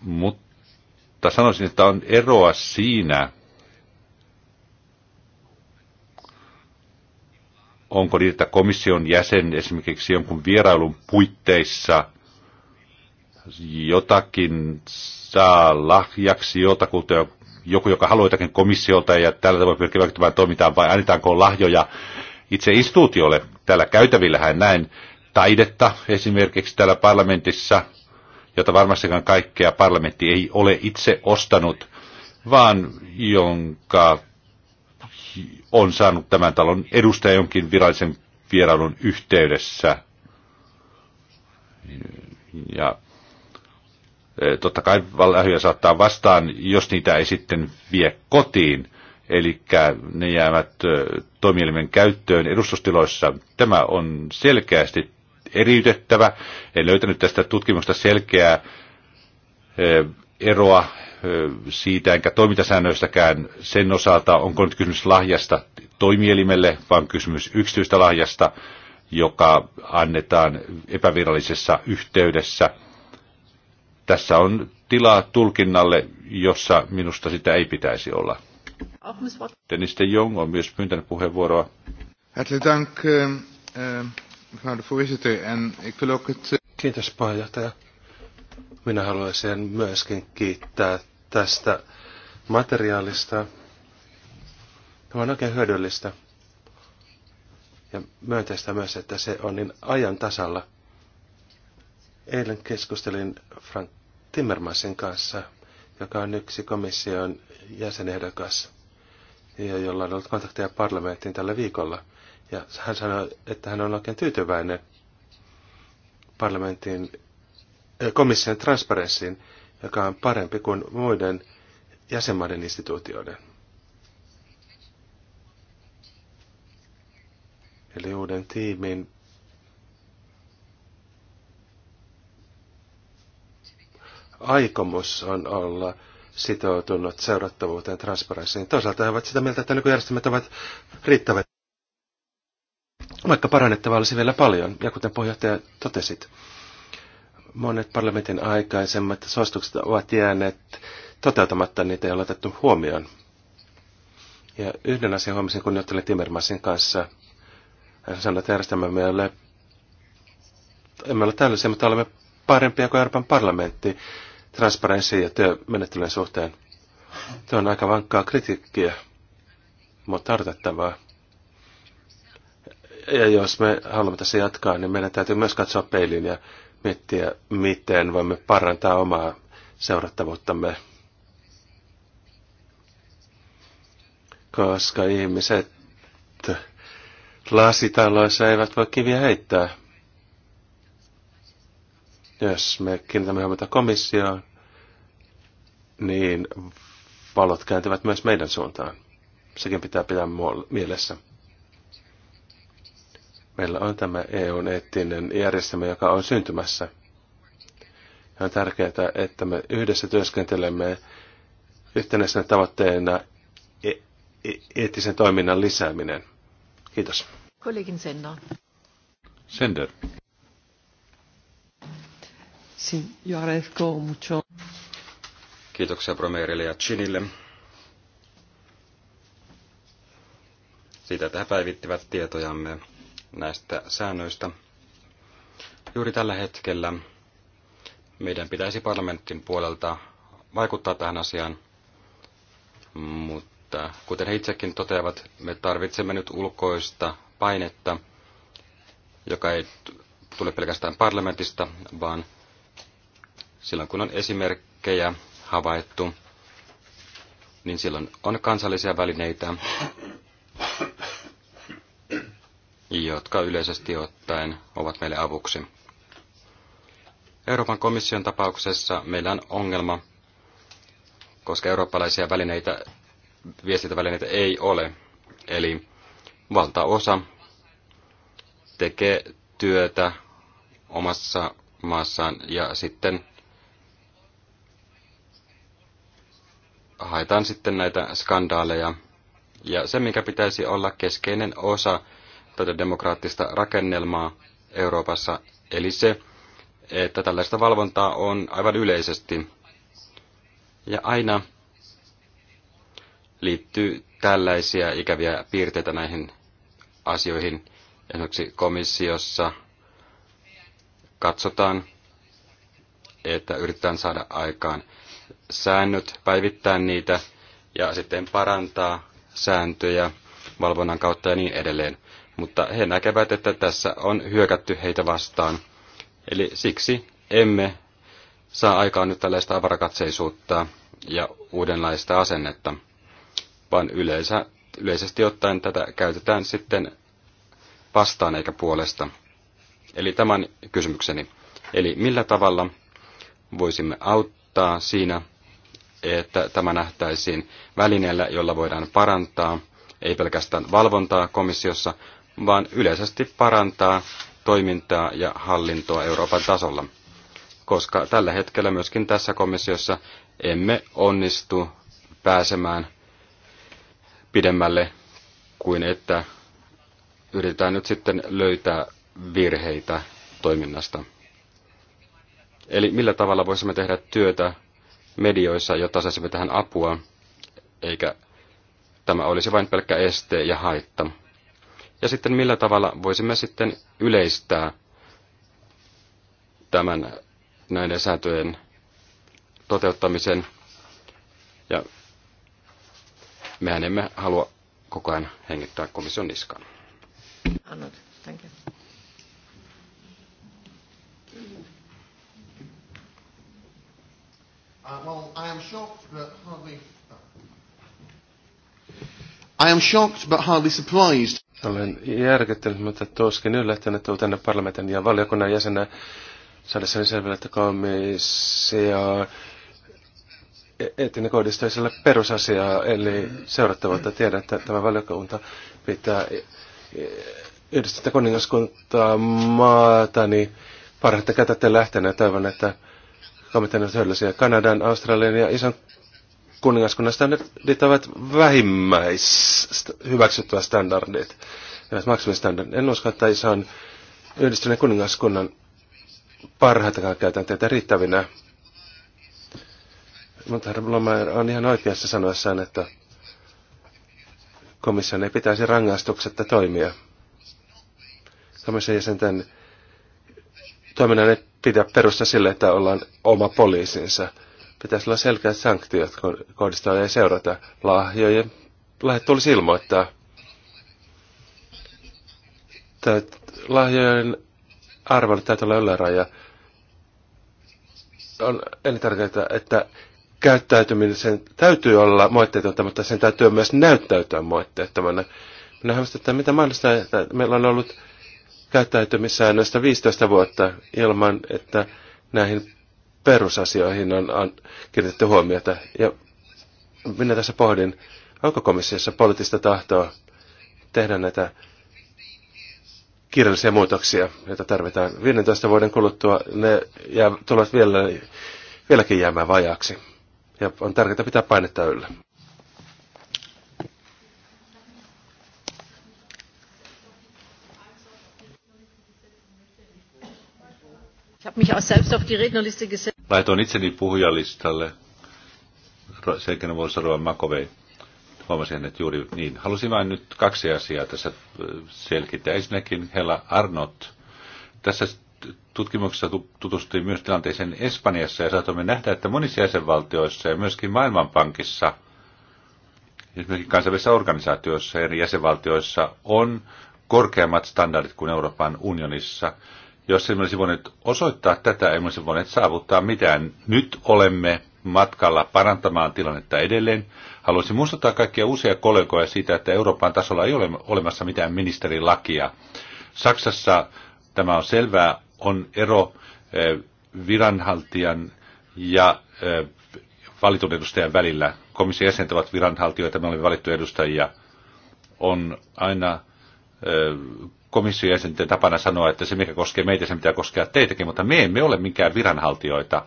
mutta sanoisin, että on eroa siinä, onko niitä komission jäsen esimerkiksi jonkun vierailun puitteissa – jotakin saa lahjaksi jotakulta, joku, joka haluaa jotakin komissiolta ja tällä tavalla pyrkii vaikuttamaan toimintaan, vai annetaanko lahjoja itse instituutiolle. Täällä käytävillähän näin taidetta esimerkiksi täällä parlamentissa, jota varmastikaan kaikkea parlamentti ei ole itse ostanut, vaan jonka on saanut tämän talon edustaja jonkin virallisen vierailun yhteydessä. Ja Totta kai lähyjä saattaa vastaan, jos niitä ei sitten vie kotiin, eli ne jäävät toimielimen käyttöön edustustiloissa. Tämä on selkeästi eriytettävä. En löytänyt tästä tutkimusta selkeää eroa siitä, enkä toimintasäännöistäkään sen osalta, onko nyt kysymys lahjasta toimielimelle, vaan kysymys yksityistä lahjasta, joka annetaan epävirallisessa yhteydessä – tässä on tilaa tulkinnalle, jossa minusta sitä ei pitäisi olla. Dennis de Jong on myös pyyntänyt puheenvuoroa. Ähm, ähm, ähm, Kiitos puheenjohtaja. Minä haluaisin myöskin kiittää tästä materiaalista. Tämä on oikein hyödyllistä. Ja myönteistä myös, että se on niin ajan tasalla. Eilen keskustelin Frank Timmermansin kanssa, joka on yksi komission jäsenehdokas, ja jolla on ollut kontakteja parlamenttiin tällä viikolla. Ja hän sanoi, että hän on oikein tyytyväinen parlamentin eh, komission transparenssiin, joka on parempi kuin muiden jäsenmaiden instituutioiden. Eli uuden tiimin aikomus on olla sitoutunut seurattavuuteen transparenssiin. Toisaalta he ovat sitä mieltä, että nykyjärjestelmät ovat riittävät, vaikka parannettavaa olisi vielä paljon. Ja kuten puheenjohtaja totesit, monet parlamentin aikaisemmat suositukset ovat jääneet toteuttamatta, niitä ei ole otettu huomioon. Ja yhden asian huomisen kun Timmermansin kanssa. Hän sanoi, että järjestelmämme ei ole, emme ole täydellisiä, mutta olemme parempia kuin Euroopan parlamentti transparenssiin ja työmenettelyn suhteen. Tuo on aika vankkaa kritiikkiä, mutta tartettavaa. Ja jos me haluamme tässä jatkaa, niin meidän täytyy myös katsoa peiliin ja miettiä, miten voimme parantaa omaa seurattavuuttamme. Koska ihmiset lasitaloissa eivät voi kiviä heittää. Jos me kiinnitämme huomiota komissioon, niin valot kääntyvät myös meidän suuntaan. Sekin pitää pitää mielessä. Meillä on tämä EUn eettinen järjestelmä, joka on syntymässä. Ja on tärkeää, että me yhdessä työskentelemme yhtenäisenä tavoitteena e- e- eettisen toiminnan lisääminen. Kiitos. Kollegin Sender. Sender. Sí, yo agradezco mucho. Kiitoksia Bromeerille ja Chinille siitä, että he päivittivät tietojamme näistä säännöistä. Juuri tällä hetkellä meidän pitäisi parlamentin puolelta vaikuttaa tähän asiaan, mutta kuten he itsekin toteavat, me tarvitsemme nyt ulkoista painetta, joka ei tule pelkästään parlamentista, vaan Silloin kun on esimerkkejä havaittu, niin silloin on kansallisia välineitä, jotka yleisesti ottaen ovat meille avuksi. Euroopan komission tapauksessa meillä on ongelma, koska eurooppalaisia välineitä, viestintävälineitä ei ole. Eli valtaosa tekee työtä omassa maassaan ja sitten haetaan sitten näitä skandaaleja. Ja se, mikä pitäisi olla keskeinen osa tätä demokraattista rakennelmaa Euroopassa, eli se, että tällaista valvontaa on aivan yleisesti. Ja aina liittyy tällaisia ikäviä piirteitä näihin asioihin. Esimerkiksi komissiossa katsotaan, että yritetään saada aikaan säännöt, päivittää niitä ja sitten parantaa sääntöjä valvonnan kautta ja niin edelleen. Mutta he näkevät, että tässä on hyökätty heitä vastaan. Eli siksi emme saa aikaan nyt tällaista avarakatseisuutta ja uudenlaista asennetta, vaan yleensä, yleisesti ottaen tätä käytetään sitten vastaan eikä puolesta. Eli tämän kysymykseni. Eli millä tavalla voisimme auttaa siinä, että tämä nähtäisiin välineellä, jolla voidaan parantaa ei pelkästään valvontaa komissiossa, vaan yleisesti parantaa toimintaa ja hallintoa Euroopan tasolla. Koska tällä hetkellä myöskin tässä komissiossa emme onnistu pääsemään pidemmälle kuin että yritetään nyt sitten löytää virheitä toiminnasta. Eli millä tavalla voisimme tehdä työtä medioissa, jotta saisimme tähän apua, eikä tämä olisi vain pelkkä este ja haitta. Ja sitten millä tavalla voisimme sitten yleistää tämän näiden sääntöjen toteuttamisen. Ja mehän emme halua koko ajan hengittää komission niskaan. Annot, thank you. Uh, well, I am shocked, but hardly. Oh. I am shocked, but hardly surprised. Olen järkyttynyt, mutta tuskin yllättänyt tänne parlamentin ja valiokunnan jäsenä sen selville, että komissio e- etinen kohdistaiselle perusasiaa, eli seurattavalta tiedän, että tämä valiokunta pitää e- e- yhdistettä kuningaskuntaa maata, niin parhaita kätätte lähtenä. Toivon, että komitean ovat hyödyllisiä. Kanadan, Australian ja ison kuningaskunnan standardit ovat vähimmäis hyväksyttävät standardit, eivät maksimistandardit. En usko, että ison yhdistyneen kuningaskunnan parhaitakaan käytänteitä riittävinä. Mutta herra on ihan oikeassa sanoessaan, että komission ei pitäisi rangaistuksetta toimia. Komission jäsenten toiminnan ei pidä perusta sille, että ollaan oma poliisinsa. Pitäisi olla selkeät sanktiot, kohdista ja seurata lahjoja. Lahjat tulisi ilmoittaa. Täyt, lahjojen arvolle täytyy olla yläraja. On eni tärkeää, että käyttäytyminen täytyy olla moitteetonta, mutta sen täytyy myös näyttäytyä moitteettomana. Minä että mitä mahdollista, että meillä on ollut käyttäytymissäännöistä 15 vuotta ilman, että näihin perusasioihin on kiinnitetty huomiota. Ja minä tässä pohdin, onko komissiossa poliittista tahtoa tehdä näitä kirjallisia muutoksia, joita tarvitaan. 15 vuoden kuluttua ne jää, tulevat vielä, vieläkin jäämään vajaaksi. Ja on tärkeää pitää painetta yllä. Laitoin itseni puhujalistalle selkeänä vuorossa Ruoan Makovei. Huomasin, että juuri niin. Halusin vain nyt kaksi asiaa tässä selkittää. Ensinnäkin Hella Arnott. Tässä tutkimuksessa tutustui myös tilanteeseen Espanjassa ja saatoimme nähdä, että monissa jäsenvaltioissa ja myöskin Maailmanpankissa, esimerkiksi kansainvälisissä organisaatioissa ja eri jäsenvaltioissa on korkeammat standardit kuin Euroopan unionissa. Jos emme olisi voineet osoittaa tätä, emme olisi voineet saavuttaa mitään. Nyt olemme matkalla parantamaan tilannetta edelleen. Haluaisin muistuttaa kaikkia uusia kollegoja siitä, että Euroopan tasolla ei ole olemassa mitään ministerilakia. Saksassa tämä on selvää, on ero eh, viranhaltijan ja eh, valitun edustajan välillä. Komission jäsenet ovat viranhaltijoita, me olemme valittu edustajia. On aina eh, komission jäsenten tapana sanoa, että se mikä koskee meitä, se mitä koskee teitäkin, mutta me emme ole minkään viranhaltijoita.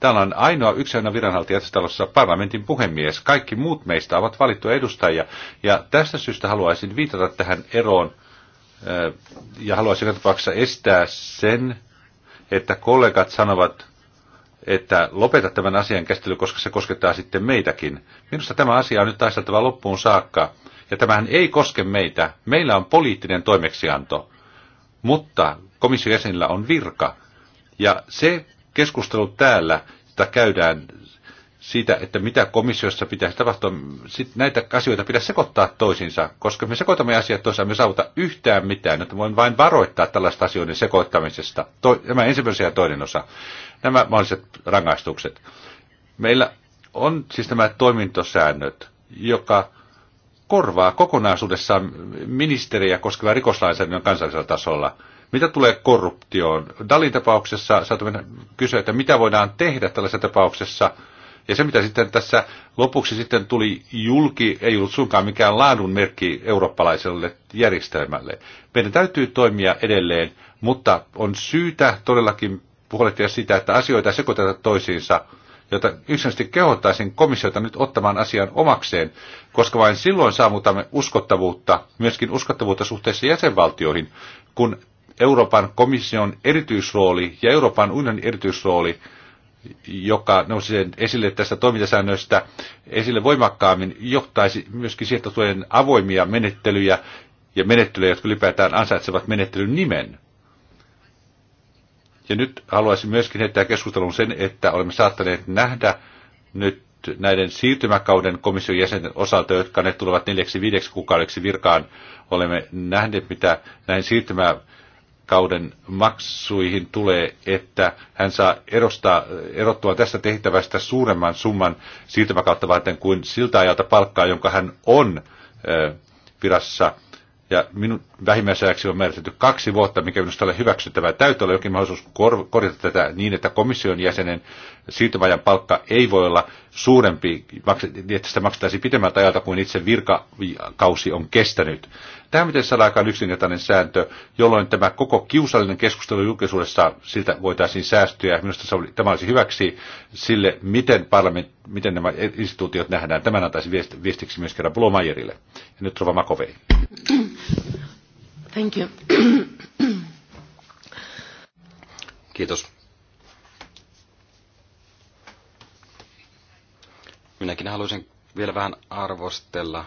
Täällä on ainoa yksi aina viranhaltija tässä talossa parlamentin puhemies. Kaikki muut meistä ovat valittuja edustajia. Ja tästä syystä haluaisin viitata tähän eroon eh, ja haluaisin tapauksessa estää sen, että kollegat sanovat, että lopeta tämän asian käsittely, koska se koskettaa sitten meitäkin. Minusta tämä asia on nyt taisteltava loppuun saakka. Ja tämähän ei koske meitä. Meillä on poliittinen toimeksianto, mutta komission jäsenillä on virka. Ja se keskustelu täällä, sitä käydään siitä, että mitä komissiossa pitäisi tapahtua, sit näitä asioita pitäisi sekoittaa toisiinsa, koska me sekoitamme asiat toisaan, me saavuta yhtään mitään, että voin vain varoittaa tällaista asioiden sekoittamisesta. Toi, tämä ensimmäisen ja toinen osa, nämä mahdolliset rangaistukset. Meillä on siis nämä toimintosäännöt, joka korvaa kokonaisuudessaan ministeriä koskeva rikoslainsäädännön kansallisella tasolla. Mitä tulee korruptioon? Dalin tapauksessa saatamme kysyä, että mitä voidaan tehdä tällaisessa tapauksessa. Ja se, mitä sitten tässä lopuksi sitten tuli julki, ei ollut suinkaan mikään laadun merkki eurooppalaiselle järjestelmälle. Meidän täytyy toimia edelleen, mutta on syytä todellakin huolehtia sitä, että asioita sekoitetaan toisiinsa – jota yksinäisesti kehottaisin komissiota nyt ottamaan asian omakseen, koska vain silloin saavutamme uskottavuutta, myöskin uskottavuutta suhteessa jäsenvaltioihin, kun Euroopan komission erityisrooli ja Euroopan unionin erityisrooli, joka nousi esille tästä toimintasäännöstä esille voimakkaammin, johtaisi myöskin sieltä tulee avoimia menettelyjä ja menettelyjä, jotka ylipäätään ansaitsevat menettelyn nimen. Ja nyt haluaisin myöskin heittää keskustelun sen, että olemme saattaneet nähdä nyt näiden siirtymäkauden komission jäsenten osalta, jotka ne tulevat neljäksi viideksi kuukaudeksi virkaan, olemme nähneet, mitä näihin siirtymäkauden maksuihin tulee, että hän saa erostaa, erottua tästä tehtävästä suuremman summan siirtymäkautta varten kuin siltä ajalta palkkaa, jonka hän on virassa ja minun vähimmäisääksi on määritetty kaksi vuotta, mikä minusta ole hyväksyttävää. Täytyy olla jokin mahdollisuus korjata tätä niin, että komission jäsenen siirtymäajan palkka ei voi olla suurempi, niin, että sitä maksettaisiin pitemmältä ajalta kuin itse virkakausi on kestänyt. Tämä miten saadaan aikaan yksinkertainen sääntö, jolloin tämä koko kiusallinen keskustelu julkisuudessa siltä voitaisiin säästyä. Minusta se oli, tämä olisi hyväksi sille, miten, parlament, miten nämä instituutiot nähdään. Tämän antaisi viest, viestiksi myös kerran Blomajerille. Ja nyt Rova Makovei. Thank you. Kiitos. Minäkin haluaisin vielä vähän arvostella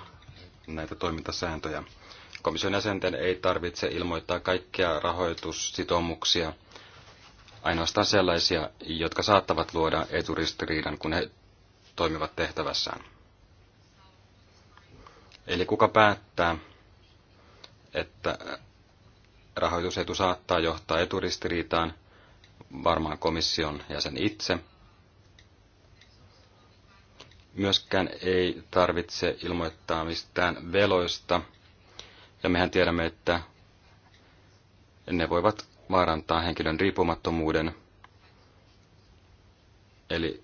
näitä toimintasääntöjä. Komission jäsenten ei tarvitse ilmoittaa kaikkia rahoitussitoumuksia, ainoastaan sellaisia, jotka saattavat luoda eturistiriidan, kun he toimivat tehtävässään. Eli kuka päättää, että rahoitusetu saattaa johtaa eturistiriitaan, varmaan komission jäsen itse – myöskään ei tarvitse ilmoittaa mistään veloista. Ja mehän tiedämme, että ne voivat vaarantaa henkilön riippumattomuuden. Eli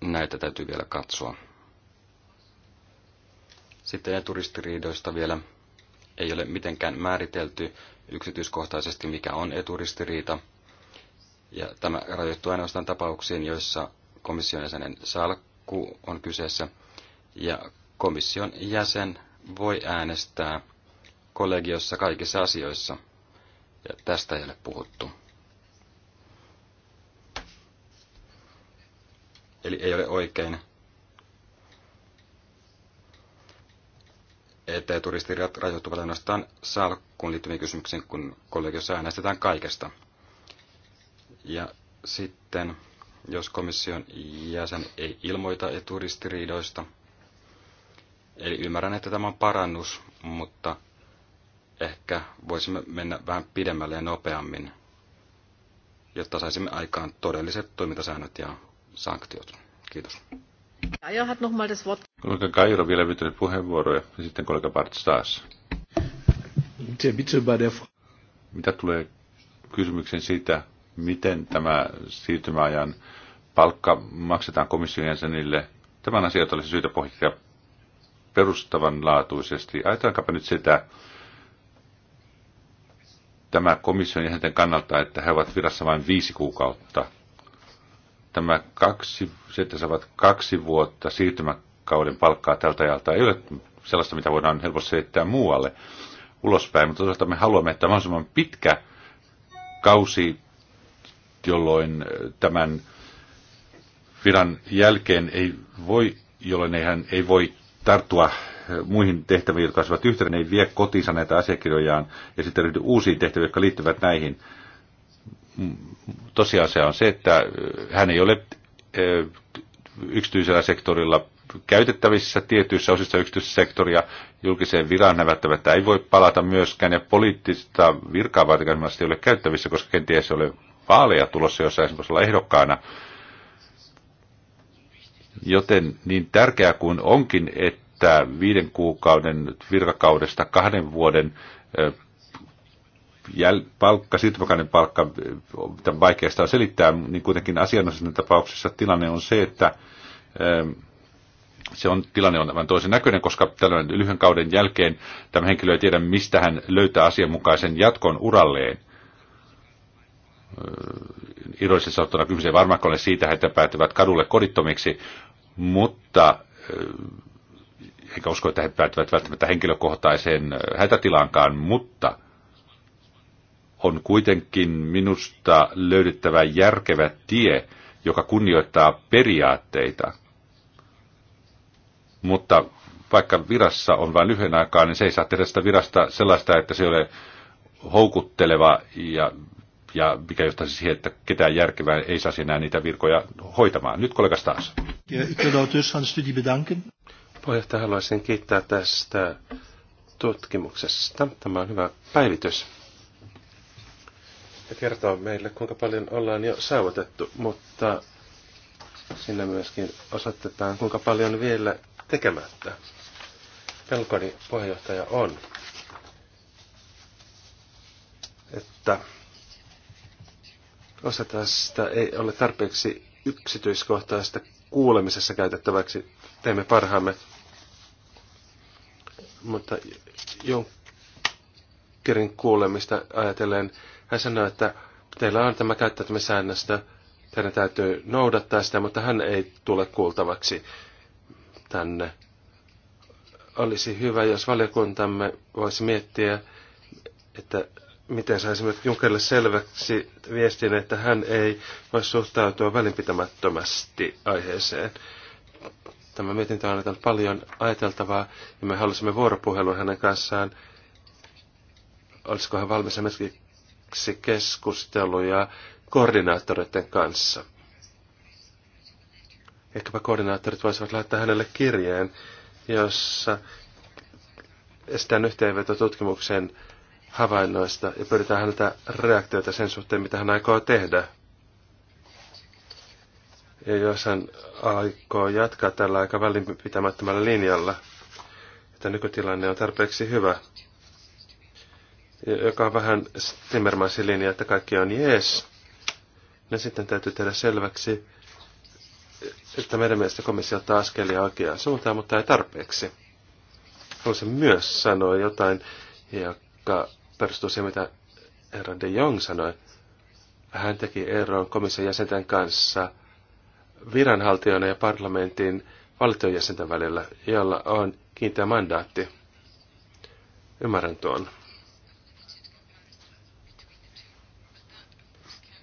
näitä täytyy vielä katsoa. Sitten eturistiriidoista vielä ei ole mitenkään määritelty yksityiskohtaisesti, mikä on eturistiriita. Ja tämä rajoittuu ainoastaan tapauksiin, joissa komission jäsenen salkku joku on kyseessä. Ja komission jäsen voi äänestää kollegiossa kaikissa asioissa. Ja tästä ei ole puhuttu. Eli ei ole oikein, että turistit rajoittuvat ainoastaan salkkuun liittyviin kysymyksiin, kun kollegiossa äänestetään kaikesta. Ja sitten jos komission jäsen ei ilmoita eturistiriidoista. Eli ymmärrän, että tämä on parannus, mutta ehkä voisimme mennä vähän pidemmälle ja nopeammin, jotta saisimme aikaan todelliset toimintasäännöt ja sanktiot. Kiitos. Kaija Kollega Kairo vielä pyytänyt puheenvuoroja ja sitten kollega Bart taas. Mitä tulee kysymykseen siitä, miten tämä siirtymäajan palkka maksetaan komission jäsenille. Tämän asian olisi syytä pohtia perustavanlaatuisesti. Ajatelkaapa nyt sitä, tämä komission jäsenten kannalta, että he ovat virassa vain viisi kuukautta. Tämä kaksi, se, että saavat kaksi vuotta siirtymäkauden palkkaa tältä ajalta ei ole sellaista, mitä voidaan helposti seittää muualle ulospäin, mutta toisaalta me haluamme, että mahdollisimman pitkä kausi jolloin tämän viran jälkeen ei voi, jolloin ei hän ei voi tarttua muihin tehtäviin, jotka olisivat yhteyden, ei vie kotiinsa näitä asiakirjojaan ja sitten ryhdy uusiin tehtäviin, jotka liittyvät näihin. Tosiasia on se, että äh, hän ei ole äh, yksityisellä sektorilla käytettävissä tietyissä osissa yksityisessä sektoria. Julkiseen viran hän välttämättä ei voi palata myöskään ja poliittista virkaa varten ei ole käyttävissä, koska kenties ei ole vaaleja tulossa, jossa esimerkiksi olla ehdokkaana. Joten niin tärkeää kuin onkin, että viiden kuukauden virkakaudesta kahden vuoden jäl, palkka, siirtymäkauden palkka, mitä vaikeasta on selittää, niin kuitenkin asianosaisen tapauksessa tilanne on se, että se on, tilanne on tämän toisen näköinen, koska tällainen lyhyen kauden jälkeen tämä henkilö ei tiedä, mistä hän löytää asianmukaisen jatkon uralleen iloisesti sanottuna kyse ei varmaan ole siitä, että päätyvät kadulle kodittomiksi, mutta eikä usko, että he päätyvät välttämättä henkilökohtaiseen hätätilaankaan, mutta on kuitenkin minusta löydettävä järkevä tie, joka kunnioittaa periaatteita. Mutta vaikka virassa on vain lyhyen aikaa, niin se ei saa tehdä sitä virasta sellaista, että se ei ole houkutteleva ja ja mikä johtaisi siihen, että ketään järkevää ei saisi enää niitä virkoja hoitamaan. Nyt kollegas taas. Puheenjohtaja, haluaisin kiittää tästä tutkimuksesta. Tämä on hyvä päivitys. Ja kertoo meille, kuinka paljon ollaan jo saavutettu, mutta sinne myöskin osoitetaan, kuinka paljon vielä tekemättä. Pelkoni puheenjohtaja on, että osa tästä ei ole tarpeeksi yksityiskohtaista kuulemisessa käytettäväksi. Teemme parhaamme. Mutta Junckerin kuulemista ajatellen hän sanoi, että teillä on tämä käyttäytymissäännöstä, teidän täytyy noudattaa sitä, mutta hän ei tule kuultavaksi tänne. Olisi hyvä, jos valiokuntamme voisi miettiä, että miten saisimme Junkerille selväksi viestin, että hän ei voi suhtautua välinpitämättömästi aiheeseen. Tämä mietintö on antanut paljon ajateltavaa ja me halusimme vuoropuhelua hänen kanssaan. Olisiko hän valmis esimerkiksi keskusteluja koordinaattoreiden kanssa? Ehkäpä koordinaattorit voisivat laittaa hänelle kirjeen, jossa estään yhteenveto tutkimuksen havainnoista ja pyritään häneltä reaktioita sen suhteen, mitä hän aikoo tehdä. Ja jos hän aikoo jatkaa tällä aika välinpitämättömällä linjalla, että nykytilanne on tarpeeksi hyvä, joka on vähän Timmermansin linja, että kaikki on jees, niin sitten täytyy tehdä selväksi, että meidän mielestä komissio ottaa askelia oikeaan suuntaan, mutta ei tarpeeksi. Haluaisin myös sanoa jotain, joka perustuu se, mitä herra de Jong sanoi. Hän teki eron komission jäsenten kanssa viranhaltijana ja parlamentin valtion jäsenten välillä, jolla on kiinteä mandaatti. Ymmärrän tuon.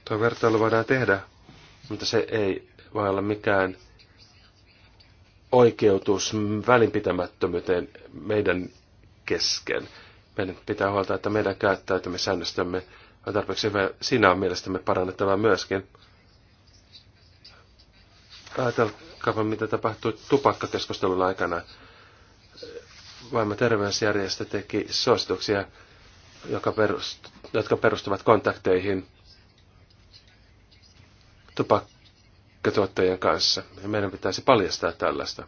Tuo vertailu voidaan tehdä, mutta se ei voi olla mikään oikeutus välinpitämättömyyteen meidän kesken. Meidän pitää huolta, että meidän käyttäytymissäännöstömme on tarpeeksi hyvä. Siinä on mielestämme parannettava myöskin. Ajatelkaapa, mitä tapahtui tupakkakeskustelun aikana. Vaimo terveysjärjestö teki suosituksia, joka perust, jotka perustuvat kontakteihin tupakkatuottajien kanssa. Ja meidän pitäisi paljastaa tällaista.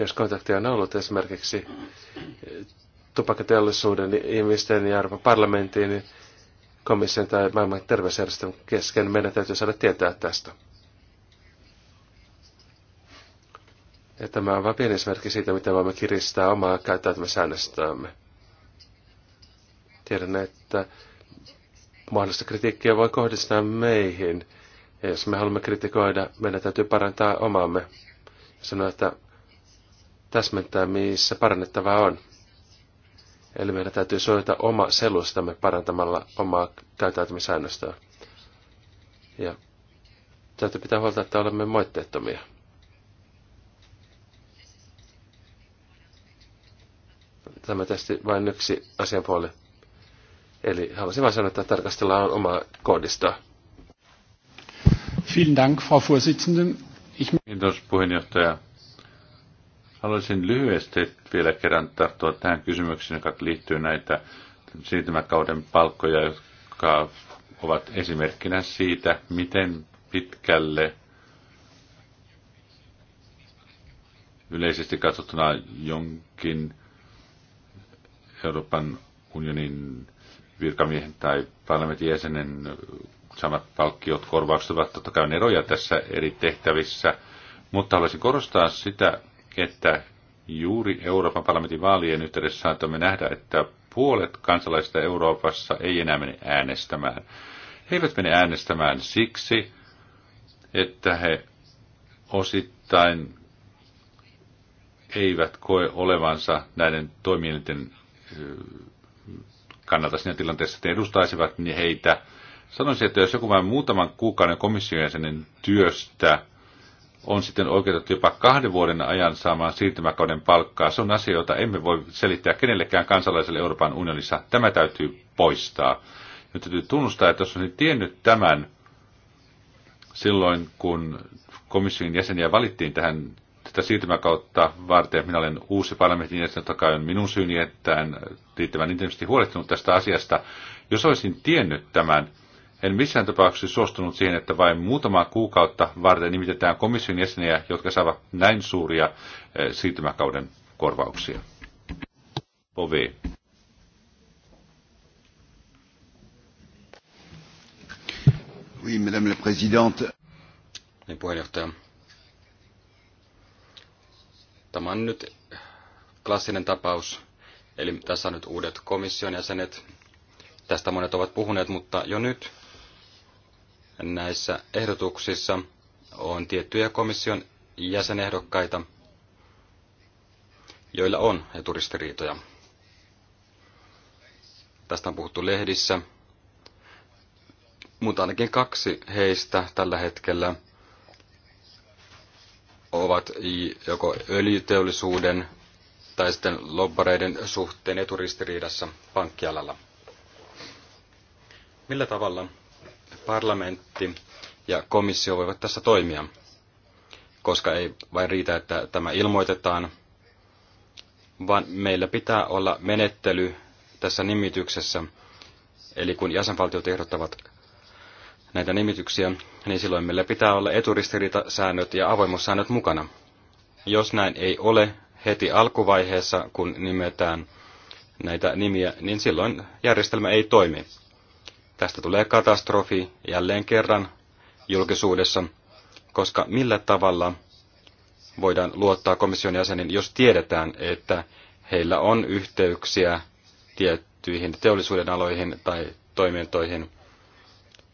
Jos kontakteja on ollut esimerkiksi eh, tupakateollisuuden ihmisten ja Euroopan parlamentin, niin komission tai maailman terveysjärjestön kesken, meidän täytyy saada tietää tästä. Ja tämä on vain pieni esimerkki siitä, miten voimme kiristää omaa käyttäytymisäännöstöämme. Tiedän, että mahdollista kritiikkiä voi kohdistaa meihin. Ja jos me haluamme kritikoida, meidän täytyy parantaa omaamme. Ja sanoa, että täsmentää, missä parannettavaa on. Eli meidän täytyy suojata oma selustamme parantamalla omaa käyttäytymisäännöstöä. Ja täytyy pitää huolta, että olemme moitteettomia. Tämä tietysti vain yksi asian puoli. Eli haluaisin vain sanoa, että tarkastellaan omaa koodistoa. Vielen Dank, Frau Vorsitzende. Ich... Kiitos puheenjohtaja. Haluaisin lyhyesti vielä kerran tarttua tähän kysymykseen, joka liittyy näitä siirtymäkauden palkkoja, jotka ovat esimerkkinä siitä, miten pitkälle yleisesti katsottuna jonkin Euroopan unionin virkamiehen tai parlamentin jäsenen samat palkkiot, korvaukset ovat totta kai eroja tässä eri tehtävissä, mutta haluaisin korostaa sitä, että juuri Euroopan parlamentin vaalien yhteydessä saatamme nähdä, että puolet kansalaisista Euroopassa ei enää mene äänestämään. He eivät mene äänestämään siksi, että he osittain eivät koe olevansa näiden toimielinten kannalta siinä tilanteessa, että edustaisivat niin heitä. Sanoisin, että jos joku vain muutaman kuukauden komission jäsenen työstä on sitten oikeutettu jopa kahden vuoden ajan saamaan siirtymäkauden palkkaa. Se on asia, jota emme voi selittää kenellekään kansalaiselle Euroopan unionissa. Tämä täytyy poistaa. Nyt täytyy tunnustaa, että jos olisin tiennyt tämän silloin, kun komission jäseniä valittiin tähän tätä siirtymäkautta varten, minä olen uusi parlamentin jäsen, totta kai on minun syyni, että en riittävän intensiivisesti huolehtinut tästä asiasta. Jos olisin tiennyt tämän, en missään tapauksessa suostunut siihen, että vain muutama kuukautta varten nimitetään komission jäseniä, jotka saavat näin suuria eh, siirtymäkauden korvauksia. Ovi. Oui, madame la présidente. Niin, puheenjohtaja. Tämä on nyt klassinen tapaus. Eli tässä on nyt uudet komission jäsenet. Tästä monet ovat puhuneet, mutta jo nyt näissä ehdotuksissa on tiettyjä komission jäsenehdokkaita, joilla on eturistiriitoja. Tästä on puhuttu lehdissä, mutta ainakin kaksi heistä tällä hetkellä ovat joko öljyteollisuuden tai sitten lobbareiden suhteen eturistiriidassa pankkialalla. Millä tavalla parlamentti ja komissio voivat tässä toimia, koska ei vain riitä, että tämä ilmoitetaan, vaan meillä pitää olla menettely tässä nimityksessä. Eli kun jäsenvaltiot ehdottavat näitä nimityksiä, niin silloin meillä pitää olla eturistiriitasäännöt ja avoimuussäännöt mukana. Jos näin ei ole heti alkuvaiheessa, kun nimetään näitä nimiä, niin silloin järjestelmä ei toimi. Tästä tulee katastrofi jälleen kerran julkisuudessa, koska millä tavalla voidaan luottaa komission jäsenin, jos tiedetään, että heillä on yhteyksiä tiettyihin teollisuuden aloihin tai toimintoihin.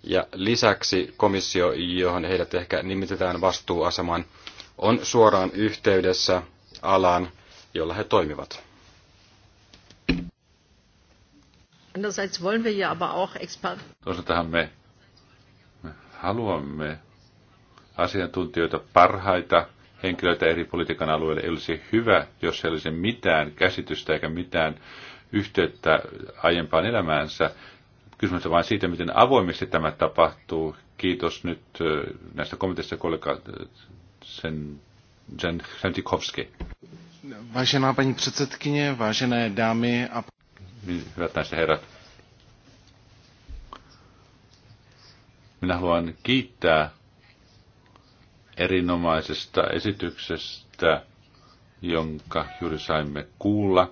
Ja lisäksi komissio, johon heidät ehkä nimitetään vastuuasemaan, on suoraan yhteydessä alaan, jolla he toimivat. Andererseits wollen wir ja aber auch Experten. me, me haluamme asiantuntijoita parhaita henkilöitä eri politiikan alueille. Ei olisi hyvä, jos ei olisi mitään käsitystä eikä mitään yhteyttä aiempaan elämäänsä. Kysymys on vain siitä, miten avoimesti tämä tapahtuu. Kiitos nyt näistä komiteista kollega sen, sen, Sentikovski. Vážená paní předsedkyně, vážené dámy a... Niin, hyvät naiset herrat. Minä haluan kiittää erinomaisesta esityksestä, jonka juuri saimme kuulla.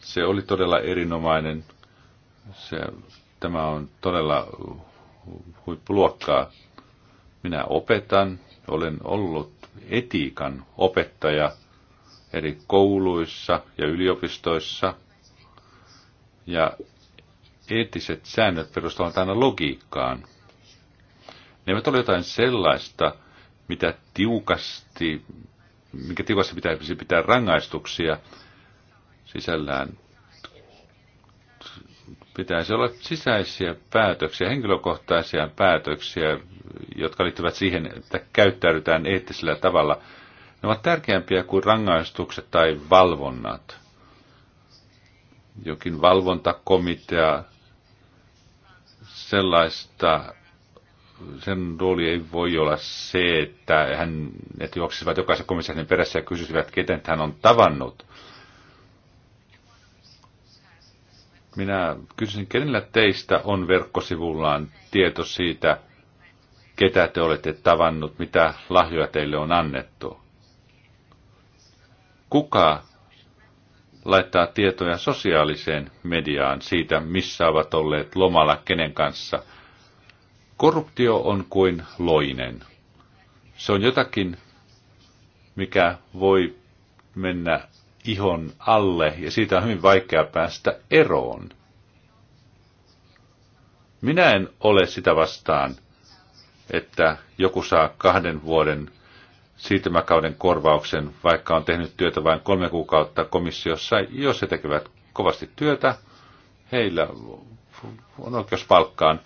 Se oli todella erinomainen. Se, tämä on todella huippuluokkaa. Minä opetan, olen ollut etiikan opettaja eri kouluissa ja yliopistoissa ja eettiset säännöt perustuvat aina logiikkaan. Ne eivät ole jotain sellaista, mitä tiukasti, mikä tiukasti pitäisi pitää rangaistuksia sisällään. Pitäisi olla sisäisiä päätöksiä, henkilökohtaisia päätöksiä, jotka liittyvät siihen, että käyttäydytään eettisellä tavalla. Ne ovat tärkeämpiä kuin rangaistukset tai valvonnat jokin valvontakomitea, sellaista, sen rooli ei voi olla se, että hän, että juoksisivat jokaisen komissaarin perässä ja kysyisivät, keten hän on tavannut. Minä kysyisin, kenellä teistä on verkkosivullaan tieto siitä, ketä te olette tavannut, mitä lahjoja teille on annettu? Kuka laittaa tietoja sosiaaliseen mediaan siitä, missä ovat olleet lomalla kenen kanssa. Korruptio on kuin loinen. Se on jotakin, mikä voi mennä ihon alle ja siitä on hyvin vaikea päästä eroon. Minä en ole sitä vastaan, että joku saa kahden vuoden siirtymäkauden korvauksen, vaikka on tehnyt työtä vain kolme kuukautta komissiossa. Jos he tekevät kovasti työtä, heillä on oikeus palkkaan.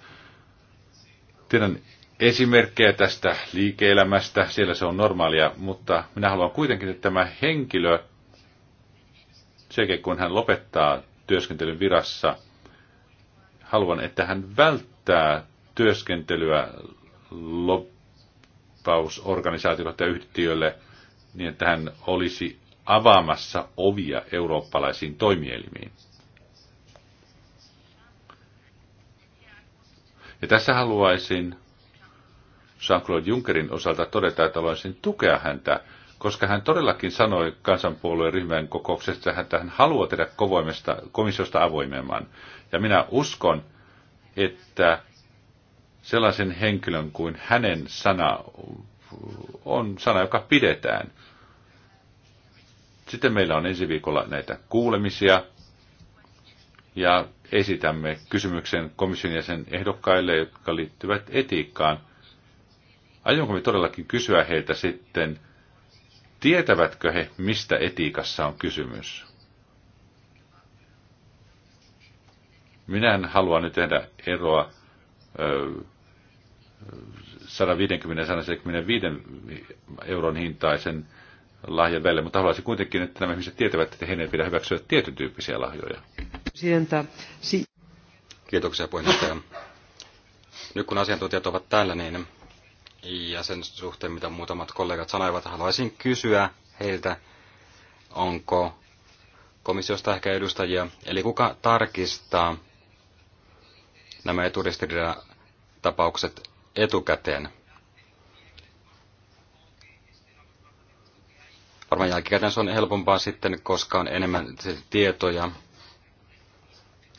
Tiedän esimerkkejä tästä liike-elämästä, siellä se on normaalia, mutta minä haluan kuitenkin, että tämä henkilö, sekä kun hän lopettaa työskentelyn virassa, haluan, että hän välttää työskentelyä lop- kauppausorganisaatiolle ja yhtiölle, niin että hän olisi avaamassa ovia eurooppalaisiin toimielimiin. Ja tässä haluaisin Jean-Claude Junckerin osalta todeta, että haluaisin tukea häntä, koska hän todellakin sanoi kansanpuolueen ryhmän kokouksessa, että hän haluaa tehdä komissiosta avoimemman. Ja minä uskon, että sellaisen henkilön kuin hänen sana on sana, joka pidetään. Sitten meillä on ensi viikolla näitä kuulemisia ja esitämme kysymyksen komission jäsen ehdokkaille, jotka liittyvät etiikkaan. Aionko me todellakin kysyä heiltä sitten, tietävätkö he, mistä etiikassa on kysymys? Minä en halua nyt tehdä eroa ö, 150-175 euron hintaisen lahjan välillä, mutta haluaisin kuitenkin, että nämä ihmiset tietävät, että heidän ei pidä hyväksyä tietyn tyyppisiä lahjoja. Kiitoksia puheenjohtaja. Nyt kun asiantuntijat ovat täällä, niin ja sen suhteen, mitä muutamat kollegat sanoivat, haluaisin kysyä heiltä, onko komissiosta ehkä edustajia, eli kuka tarkistaa nämä eturistiriidatapaukset etukäteen. Varmaan jälkikäteen se on helpompaa sitten, koska on enemmän tietoja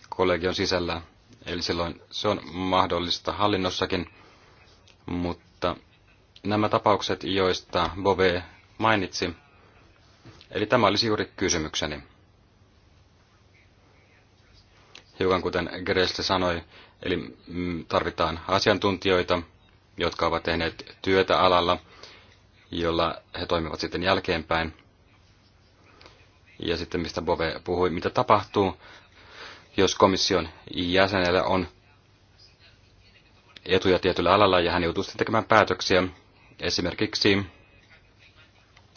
kollegion sisällä. Eli silloin se on mahdollista hallinnossakin, mutta nämä tapaukset, joista Bove mainitsi, eli tämä olisi juuri kysymykseni hiukan kuten Greste sanoi, Eli mm, tarvitaan asiantuntijoita, jotka ovat tehneet työtä alalla, jolla he toimivat sitten jälkeenpäin. Ja sitten mistä Bove puhui, mitä tapahtuu, jos komission jäsenellä on etuja tietyllä alalla ja hän joutuu sitten tekemään päätöksiä esimerkiksi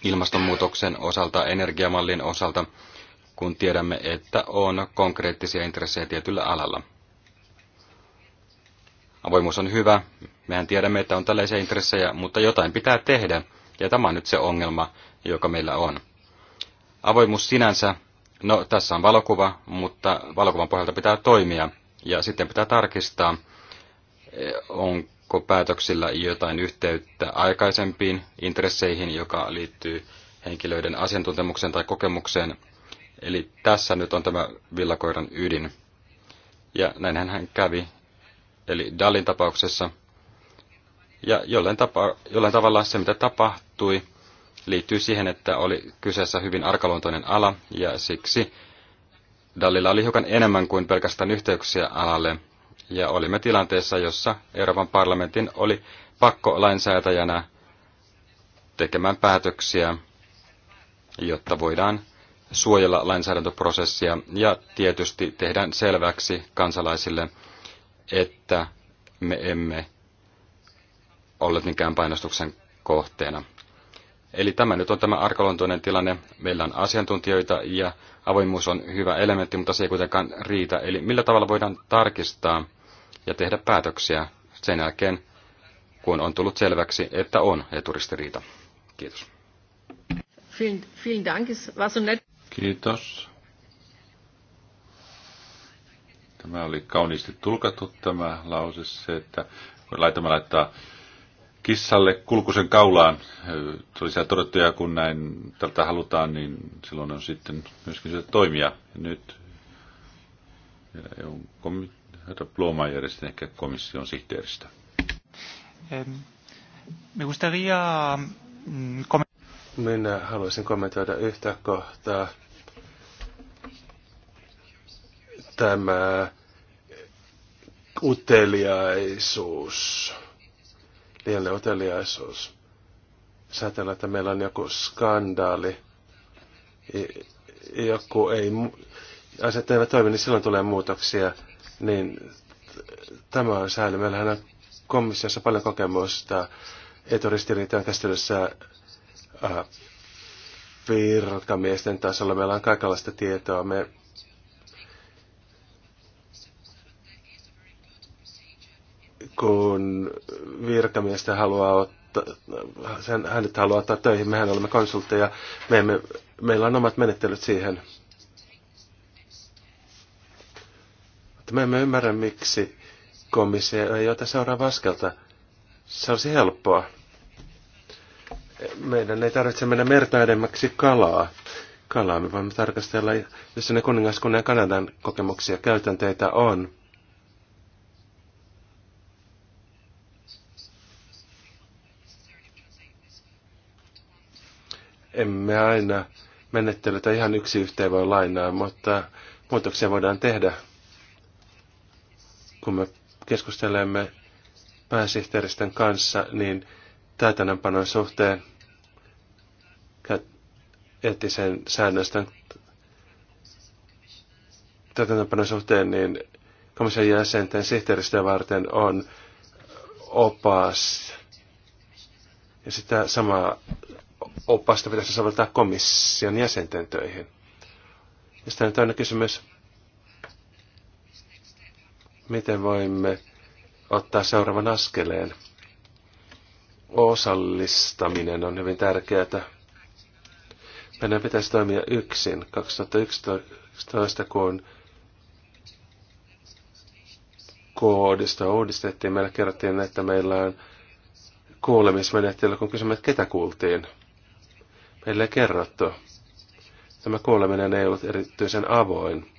ilmastonmuutoksen osalta, energiamallin osalta, kun tiedämme, että on konkreettisia intressejä tietyllä alalla. Avoimuus on hyvä. Mehän tiedämme, että on tällaisia intressejä, mutta jotain pitää tehdä. Ja tämä on nyt se ongelma, joka meillä on. Avoimuus sinänsä, no tässä on valokuva, mutta valokuvan pohjalta pitää toimia. Ja sitten pitää tarkistaa, onko päätöksillä jotain yhteyttä aikaisempiin intresseihin, joka liittyy henkilöiden asiantuntemukseen tai kokemukseen. Eli tässä nyt on tämä villakoiran ydin. Ja näinhän hän kävi eli Dalin tapauksessa. Ja jollain, tapa, jollain tavalla se, mitä tapahtui, liittyy siihen, että oli kyseessä hyvin arkaluontoinen ala, ja siksi Dallilla oli hiukan enemmän kuin pelkästään yhteyksiä alalle, ja olimme tilanteessa, jossa Euroopan parlamentin oli pakko lainsäätäjänä tekemään päätöksiä, jotta voidaan suojella lainsäädäntöprosessia ja tietysti tehdään selväksi kansalaisille, että me emme olleet mikään painostuksen kohteena. Eli tämä nyt on tämä arkaluontoinen tilanne. Meillä on asiantuntijoita ja avoimuus on hyvä elementti, mutta se ei kuitenkaan riitä. Eli millä tavalla voidaan tarkistaa ja tehdä päätöksiä sen jälkeen, kun on tullut selväksi, että on eturistiriita. Kiitos. Kiitos. Tämä oli kauniisti tulkattu tämä lause, se, että laitamme laittaa kissalle kulkusen kaulaan. Se oli siellä todettu, ja kun näin tältä halutaan, niin silloin on sitten myöskin se toimia. Ja nyt herra Blumayer, sitten ehkä komission sihteeristä. Mm, Minä haluaisin kommentoida yhtä kohtaa tämä uteliaisuus, liian uteliaisuus. Säätellään, että meillä on joku skandaali, joku ei, asiat eivät toimi, niin silloin tulee muutoksia, niin tämä on sääli. Meillähän on komissiossa paljon kokemusta eturistiriitojen käsittelyssä äh, virkamiesten tasolla. Meillä on kaikenlaista tietoa. Me kun virkamiestä haluaa ottaa, sen, hänet haluaa ottaa töihin, mehän olemme konsultteja, me emme, meillä on omat menettelyt siihen. Mutta me emme ymmärrä, miksi komissio ei ota seuraava askelta. Se olisi helppoa. Meidän ei tarvitse mennä merta edemmäksi kalaa. Kalaa me voimme tarkastella, jos ne kuningaskunnan ja Kanadan kokemuksia käytänteitä on emme aina menettelytä ihan yksi yhteen voi lainaa, mutta muutoksia voidaan tehdä, kun me keskustelemme pääsihteeristön kanssa, niin täytännönpanon suhteen eettisen säännöstön täytännönpanon suhteen, niin komission jäsenten sihteeristöä varten on opas. Ja sitä samaa opasta pitäisi soveltaa komission jäsenten töihin. Ja sitten toinen kysymys, miten voimme ottaa seuraavan askeleen. Osallistaminen on hyvin tärkeää. Meidän pitäisi toimia yksin. 2011, kun koodista uudistettiin, meillä kerrottiin, että meillä on kuulemismenettely, kun kysymme, että ketä kuultiin – meille kerrottu. Tämä kuuleminen ei ollut erityisen avoin.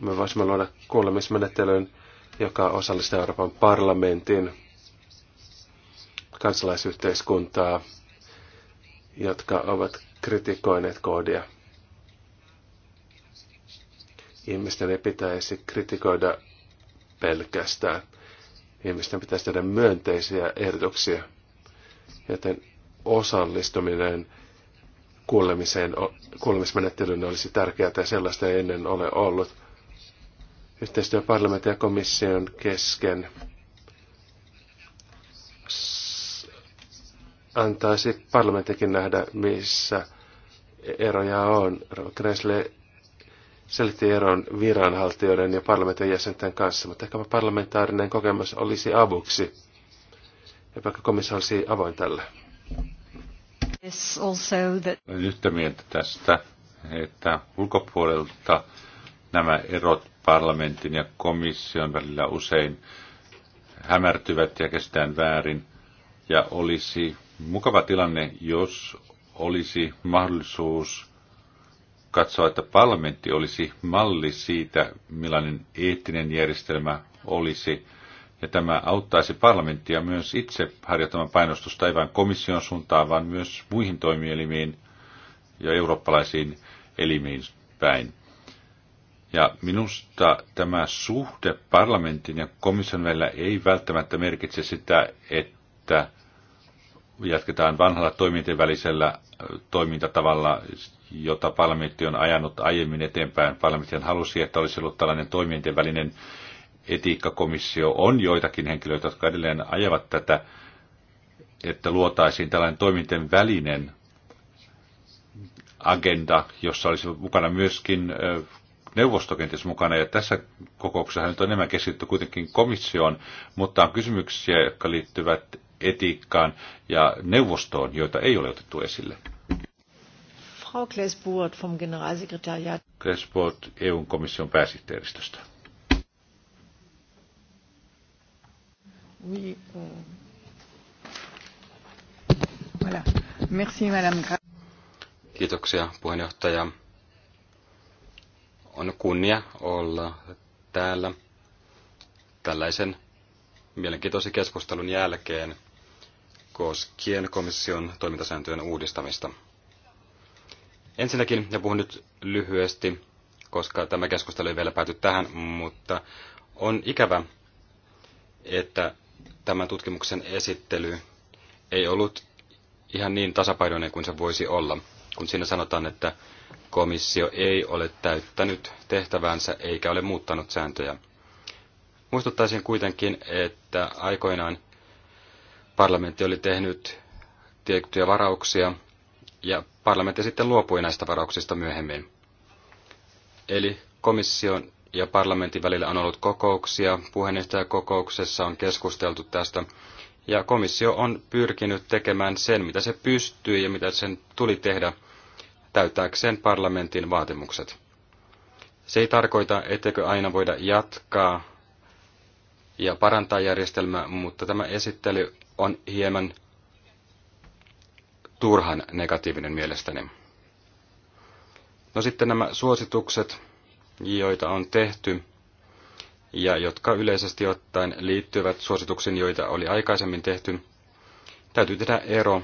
Me voisimme luoda kuulemismenettelyn, joka osallistaa Euroopan parlamentin kansalaisyhteiskuntaa, jotka ovat kritikoineet koodia. Ihmisten ei pitäisi kritikoida pelkästään. Ihmisten pitäisi tehdä myönteisiä ehdotuksia. Joten osallistuminen kuulemiseen, kuulemismenettelyyn olisi tärkeää ja sellaista ei ennen ole ollut. Yhteistyö parlamentin ja komission kesken antaisi parlamentikin nähdä, missä eroja on. Kresle selitti eron viranhaltijoiden ja parlamentin jäsenten kanssa, mutta ehkä parlamentaarinen kokemus olisi avuksi. vaikka komissio olisi avoin tällä. Olen yhtä mieltä tästä, että ulkopuolelta nämä erot parlamentin ja komission välillä usein hämärtyvät ja kestään väärin. Ja olisi mukava tilanne, jos olisi mahdollisuus katsoa, että parlamentti olisi malli siitä, millainen eettinen järjestelmä olisi – ja tämä auttaisi parlamenttia myös itse harjoittamaan painostusta ei vain komission suuntaan, vaan myös muihin toimielimiin ja eurooppalaisiin elimiin päin. Ja minusta tämä suhde parlamentin ja komission välillä ei välttämättä merkitse sitä, että jatketaan vanhalla toimintien välisellä äh, toimintatavalla, jota parlamentti on ajanut aiemmin eteenpäin. Parlamentti halusi, että olisi ollut tällainen toimintien välinen etiikkakomissio on joitakin henkilöitä, jotka edelleen ajavat tätä, että luotaisiin tällainen toiminten välinen agenda, jossa olisi mukana myöskin neuvosto mukana, ja tässä kokouksessa nyt on enemmän keskitytty kuitenkin komissioon, mutta on kysymyksiä, jotka liittyvät etiikkaan ja neuvostoon, joita ei ole otettu esille. Frau Klesburt vom Generalsekretariat. Klesburt e komission pääsihteeristöstä. Oui. Euh... Voilà. Merci, Madame Kiitoksia, puheenjohtaja. On kunnia olla täällä tällaisen mielenkiintoisen keskustelun jälkeen koskien komission toimintasääntöjen uudistamista. Ensinnäkin, ja puhun nyt lyhyesti, koska tämä keskustelu ei vielä pääty tähän, mutta on ikävä, että tämän tutkimuksen esittely ei ollut ihan niin tasapainoinen kuin se voisi olla, kun siinä sanotaan, että komissio ei ole täyttänyt tehtävänsä eikä ole muuttanut sääntöjä. Muistuttaisin kuitenkin, että aikoinaan parlamentti oli tehnyt tiettyjä varauksia ja parlamentti sitten luopui näistä varauksista myöhemmin. Eli komission ja parlamentin välillä on ollut kokouksia. Puheenjohtajakokouksessa on keskusteltu tästä. Ja komissio on pyrkinyt tekemään sen, mitä se pystyy ja mitä sen tuli tehdä täyttääkseen parlamentin vaatimukset. Se ei tarkoita, etteikö aina voida jatkaa ja parantaa järjestelmää, mutta tämä esittely on hieman turhan negatiivinen mielestäni. No sitten nämä suositukset joita on tehty ja jotka yleisesti ottaen liittyvät suosituksiin, joita oli aikaisemmin tehty. Täytyy tehdä ero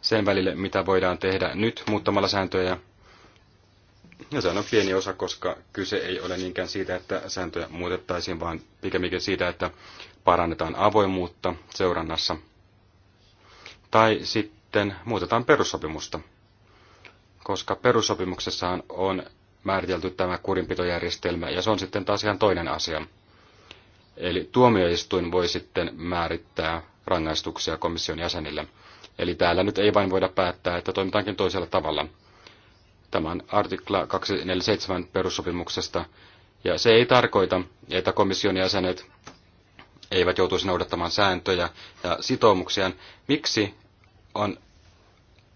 sen välille, mitä voidaan tehdä nyt muuttamalla sääntöjä. Ja se on pieni osa, koska kyse ei ole niinkään siitä, että sääntöjä muutettaisiin, vaan pikemminkin siitä, että parannetaan avoimuutta seurannassa. Tai sitten muutetaan perussopimusta, koska perussopimuksessahan on määritelty tämä kurinpitojärjestelmä, ja se on sitten taas ihan toinen asia. Eli tuomioistuin voi sitten määrittää rangaistuksia komission jäsenille. Eli täällä nyt ei vain voida päättää, että toimitaankin toisella tavalla. Tämä on artikla 247 perussopimuksesta, ja se ei tarkoita, että komission jäsenet eivät joutuisi noudattamaan sääntöjä ja sitoumuksiaan. Miksi on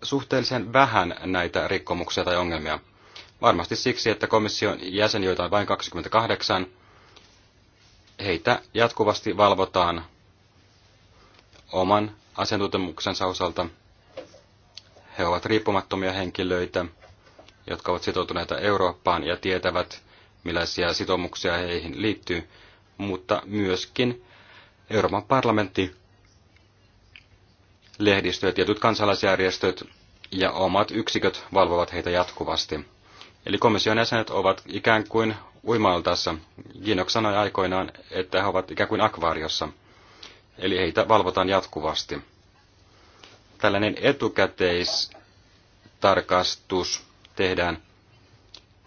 suhteellisen vähän näitä rikkomuksia tai ongelmia? Varmasti siksi, että komission jäsen, joita on vain 28, heitä jatkuvasti valvotaan oman asiantuntemuksensa osalta. He ovat riippumattomia henkilöitä, jotka ovat sitoutuneita Eurooppaan ja tietävät, millaisia sitoumuksia heihin liittyy, mutta myöskin Euroopan parlamentti, lehdistö ja tietyt kansalaisjärjestöt ja omat yksiköt valvovat heitä jatkuvasti. Eli komission jäsenet ovat ikään kuin uimaltaassa. Ginok sanoi aikoinaan, että he ovat ikään kuin akvaariossa. Eli heitä valvotaan jatkuvasti. Tällainen etukäteistarkastus tehdään.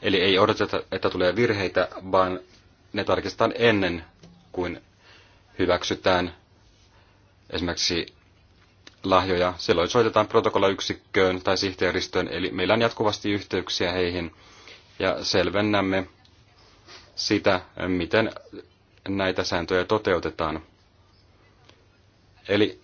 Eli ei odoteta, että tulee virheitä, vaan ne tarkistetaan ennen kuin hyväksytään esimerkiksi lahjoja, silloin soitetaan protokollayksikköön tai sihteeristöön, eli meillä on jatkuvasti yhteyksiä heihin ja selvennämme sitä, miten näitä sääntöjä toteutetaan. Eli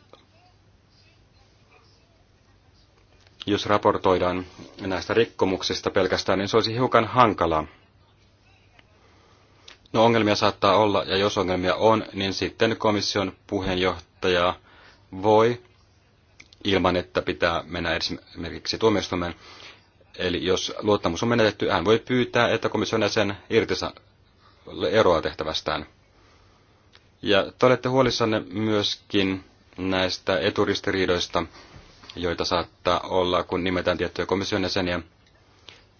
jos raportoidaan näistä rikkomuksista pelkästään, niin se olisi hiukan hankalaa. No ongelmia saattaa olla, ja jos ongelmia on, niin sitten komission puheenjohtaja voi ilman, että pitää mennä esimerkiksi tuomioistuimeen. Eli jos luottamus on menetetty, hän voi pyytää, että komission jäsen irtisa eroa tehtävästään. Ja te olette huolissanne myöskin näistä eturistiriidoista, joita saattaa olla, kun nimetään tiettyjä komission jäseniä.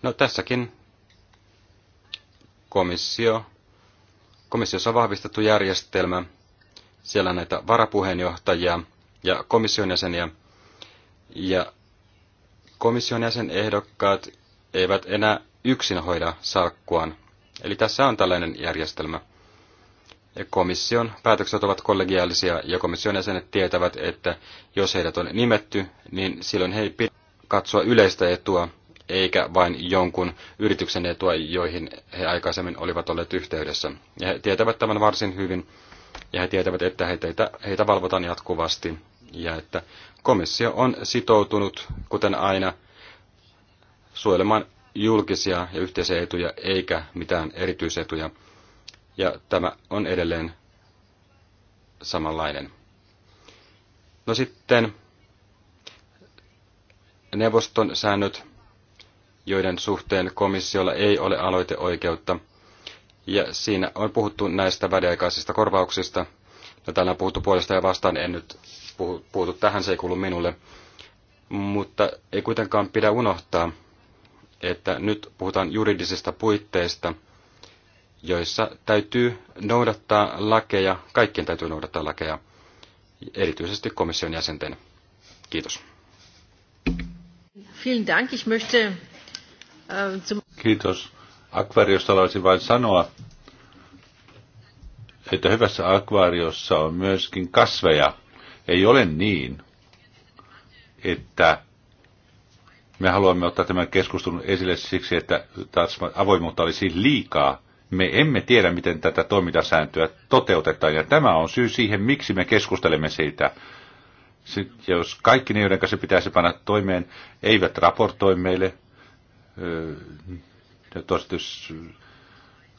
No tässäkin komissio, komissiossa on vahvistettu järjestelmä. Siellä on näitä varapuheenjohtajia ja komission jäseniä, ja komission jäsenehdokkaat eivät enää yksin hoida salkkuaan. Eli tässä on tällainen järjestelmä. Ja komission päätökset ovat kollegiaalisia ja komission jäsenet tietävät, että jos heidät on nimetty, niin silloin he ei katsoa yleistä etua eikä vain jonkun yrityksen etua, joihin he aikaisemmin olivat olleet yhteydessä. Ja he tietävät tämän varsin hyvin ja he tietävät, että heitä, heitä valvotaan jatkuvasti ja että komissio on sitoutunut, kuten aina, suojelemaan julkisia ja yhteisiä etuja eikä mitään erityisetuja. Ja tämä on edelleen samanlainen. No sitten neuvoston säännöt, joiden suhteen komissiolla ei ole aloiteoikeutta. Ja siinä on puhuttu näistä väliaikaisista korvauksista, No, täällä on puhuttu puolesta ja vastaan, en nyt puhu, puutu tähän, se ei kuulu minulle. Mutta ei kuitenkaan pidä unohtaa, että nyt puhutaan juridisista puitteista, joissa täytyy noudattaa lakeja, kaikkien täytyy noudattaa lakeja, erityisesti komission jäsenten. Kiitos. Äh, Kiitos. Akvariosta haluaisin vain sanoa, että hyvässä akvaariossa on myöskin kasveja. Ei ole niin, että me haluamme ottaa tämän keskustelun esille siksi, että taas avoimuutta olisi liikaa. Me emme tiedä, miten tätä toimintasääntöä toteutetaan, ja tämä on syy siihen, miksi me keskustelemme siitä. Sitten jos kaikki ne, joiden kanssa pitäisi panna toimeen, eivät raportoi meille, ja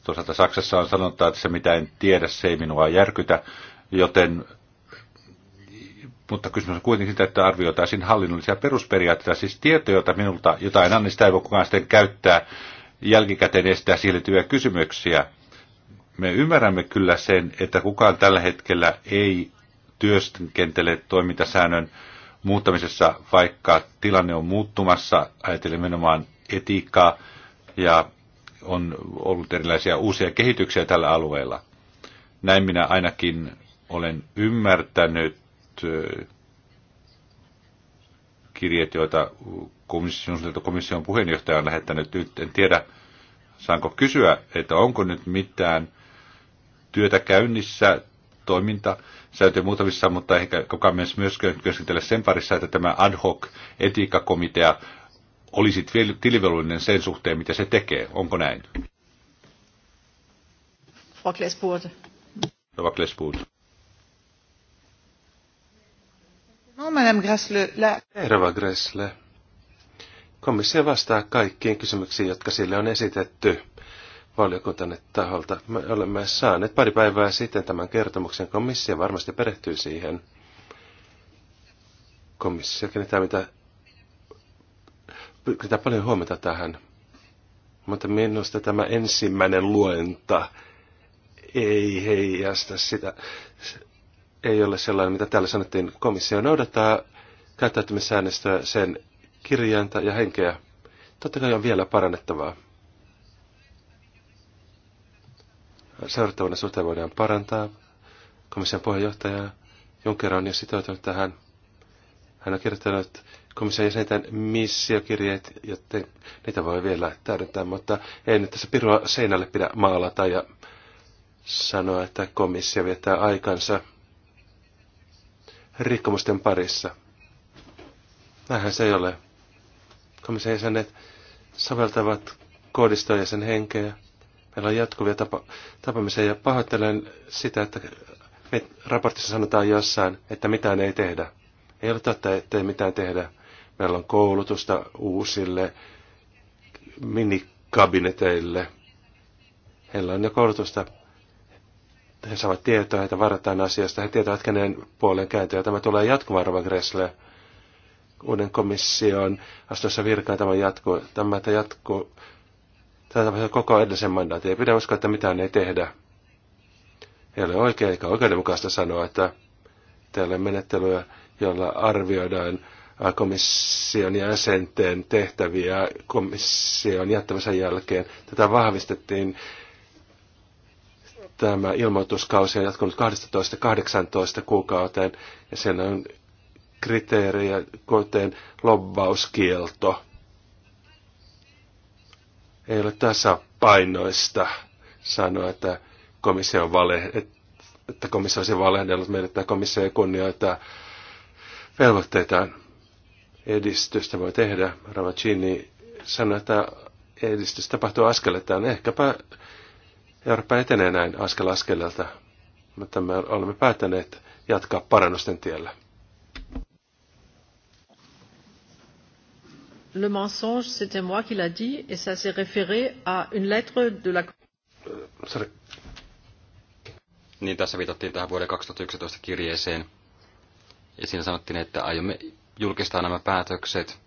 Toisaalta Saksassa on sanonta, että se mitä en tiedä, se ei minua järkytä, joten mutta kysymys on kuitenkin sitä, että arvioitaisiin hallinnollisia perusperiaatteita, siis tietoja, joita minulta jotain annan, niin sitä ei voi kukaan sitten käyttää jälkikäteen estää siirtyviä kysymyksiä. Me ymmärrämme kyllä sen, että kukaan tällä hetkellä ei työskentele toimintasäännön muuttamisessa, vaikka tilanne on muuttumassa, ajatellen menomaan etiikkaa ja on ollut erilaisia uusia kehityksiä tällä alueella. Näin minä ainakin olen ymmärtänyt kirjeet, joita komission, puheenjohtaja on lähettänyt. Nyt en tiedä, saanko kysyä, että onko nyt mitään työtä käynnissä, toiminta sääntöjen muutamissa, mutta ehkä kukaan myös myöskään työskentele sen parissa, että tämä ad hoc etiikkakomitea Olisit tilivelvollinen sen suhteen, mitä se tekee. Onko näin? No, Madame Gressle. La... Herra Gressle. Komissio vastaa kaikkiin kysymyksiin, jotka sille on esitetty valiokuntanne taholta. Me olemme saaneet pari päivää sitten tämän kertomuksen. Komissio varmasti perehtyy siihen. Komissio kenetään, mitä pitää paljon huomata tähän. Mutta minusta tämä ensimmäinen luenta ei heijasta sitä. Ei ole sellainen, mitä täällä sanottiin. Komissio noudattaa käyttäytymissäännöstöä sen kirjainta ja henkeä. Totta kai on vielä parannettavaa. Seurattavana suhteen voidaan parantaa. Komission puheenjohtaja Juncker on jo sitoutunut tähän. Hän on kirjoittanut komission jäsenten missiokirjeet, joten niitä voi vielä täydentää, mutta ei nyt tässä pirua seinälle pidä maalata ja sanoa, että komissio viettää aikansa rikkomusten parissa. Vähän se ei ole. Komission jäsenet soveltavat koodistoja sen henkeä. Meillä on jatkuvia tapa- tapaamisia ja pahoittelen sitä, että raportissa sanotaan jossain, että mitään ei tehdä. Ei ole totta, ettei mitään tehdä. Meillä on koulutusta uusille minikabineteille. Heillä on jo koulutusta. He saavat tietoa, heitä varataan asiasta. He tietävät, kenen puolen kääntyä. Tämä tulee jatkuvan Rova Gressle. Uuden komission astuessa virkaan tämä jatkuu. Tämä jatkuu. Tämä tapahtuu koko edellisen mandaatin. Ei pidä uskoa, että mitään ei tehdä. Ei ole oikein eikä oikeudenmukaista sanoa, että teillä on menettelyä, jolla arvioidaan Äh, komission jäsenten tehtäviä komission jättämisen jälkeen. Tätä vahvistettiin tämä ilmoituskausi on jatkunut 12-18 kuukauteen ja sen on kriteerejä, kuten lobbauskielto. Ei ole tasapainoista sanoa, että komissio on vale, että komissio olisi valehdellut meidät että komissio ei kunnioita velvoitteitaan edistystä voi tehdä. Ravacini sanoi, että edistys tapahtuu askelettaan. Ehkäpä Eurooppa etenee näin askel askeleelta, mutta me olemme päättäneet jatkaa parannusten tiellä. Le mensonge, c'était moi qui l'a dit, et ça s'est référé à une lettre de la... Sorry. Niin tässä viitattiin tähän vuoden 2011 kirjeeseen, ja siinä sanottiin, että aiomme julkistaa nämä päätökset,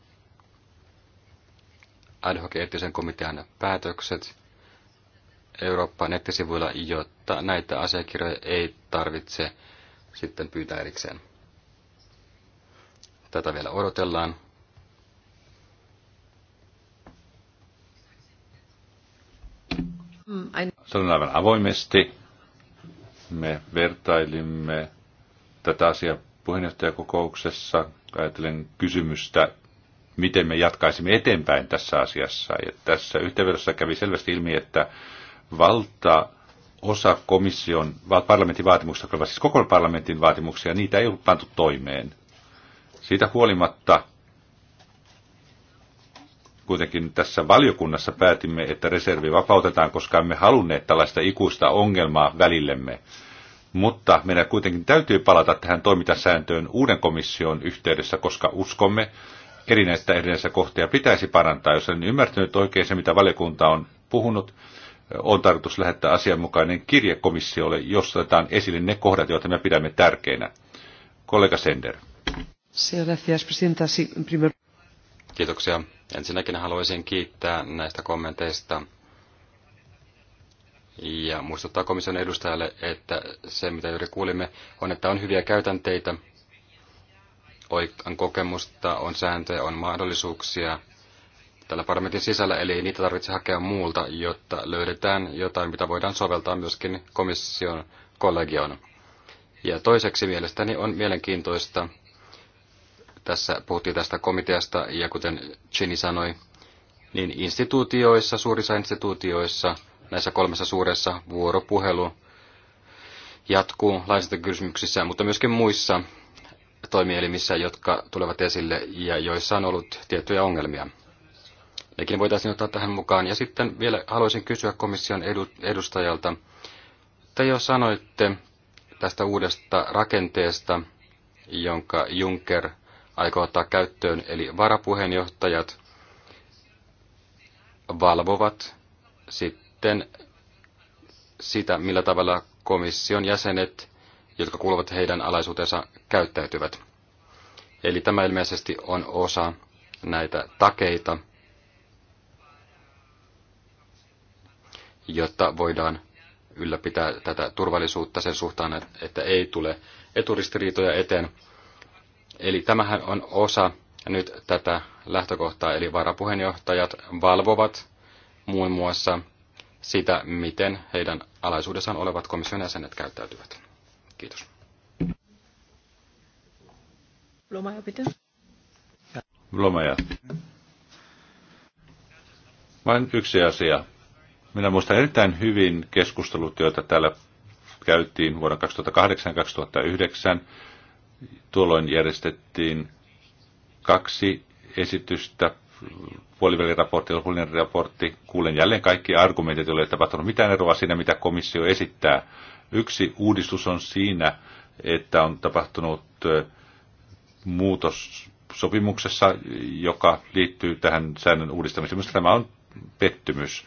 ad hoc eettisen komitean päätökset Euroopan nettisivuilla, jotta näitä asiakirjoja ei tarvitse sitten pyytää erikseen. Tätä vielä odotellaan. Hmm, Sanon aivan avoimesti. Me vertailimme tätä asiaa puheenjohtajakokouksessa ajattelen kysymystä, miten me jatkaisimme eteenpäin tässä asiassa. Ja tässä yhteydessä kävi selvästi ilmi, että valta osa komission parlamentin vaatimuksia, siis koko parlamentin vaatimuksia, niitä ei ollut pantu toimeen. Siitä huolimatta kuitenkin tässä valiokunnassa päätimme, että reservi vapautetaan, koska emme halunneet tällaista ikuista ongelmaa välillemme mutta meidän kuitenkin täytyy palata tähän toimintasääntöön uuden komission yhteydessä, koska uskomme, erinäistä erinäistä kohtia pitäisi parantaa. Jos en ymmärtänyt oikein se, mitä valiokunta on puhunut, on tarkoitus lähettää asianmukainen kirje komissiolle, jossa otetaan esille ne kohdat, joita me pidämme tärkeinä. Kollega Sender. Kiitoksia. Ensinnäkin haluaisin kiittää näistä kommenteista ja muistuttaa komission edustajalle, että se mitä juuri kuulimme on, että on hyviä käytänteitä, on kokemusta, on sääntöjä, on mahdollisuuksia tällä parlamentin sisällä, eli niitä tarvitse hakea muulta, jotta löydetään jotain, mitä voidaan soveltaa myöskin komission kollegion. Ja toiseksi mielestäni on mielenkiintoista, tässä puhuttiin tästä komiteasta, ja kuten Chini sanoi, niin instituutioissa, suurissa instituutioissa – näissä kolmessa suuressa vuoropuhelu jatkuu lainsäädäntökysymyksissä, mutta myöskin muissa toimielimissä, jotka tulevat esille ja joissa on ollut tiettyjä ongelmia. Nekin voitaisiin ottaa tähän mukaan. Ja sitten vielä haluaisin kysyä komission edustajalta. Te jo sanoitte tästä uudesta rakenteesta, jonka Juncker aikoo ottaa käyttöön, eli varapuheenjohtajat valvovat sitten sitten sitä, millä tavalla komission jäsenet, jotka kuuluvat heidän alaisuutensa, käyttäytyvät. Eli tämä ilmeisesti on osa näitä takeita, jotta voidaan ylläpitää tätä turvallisuutta sen suhtaan, että ei tule eturistiriitoja eteen. Eli tämähän on osa nyt tätä lähtökohtaa, eli varapuheenjohtajat valvovat muun muassa sitä, miten heidän alaisuudessaan olevat komission jäsenet käyttäytyvät. Kiitos. Lomaja, bitte. Lomaja. Vain yksi asia. Minä muistan erittäin hyvin keskustelut, joita täällä käytiin vuonna 2008-2009. Tuolloin järjestettiin kaksi esitystä puoliväliraportti, lopullinen raportti, kuulen jälleen kaikki argumentit, joille ei tapahtunut mitään eroa siinä, mitä komissio esittää. Yksi uudistus on siinä, että on tapahtunut muutos sopimuksessa, joka liittyy tähän säännön uudistamiseen. Minusta tämä on pettymys.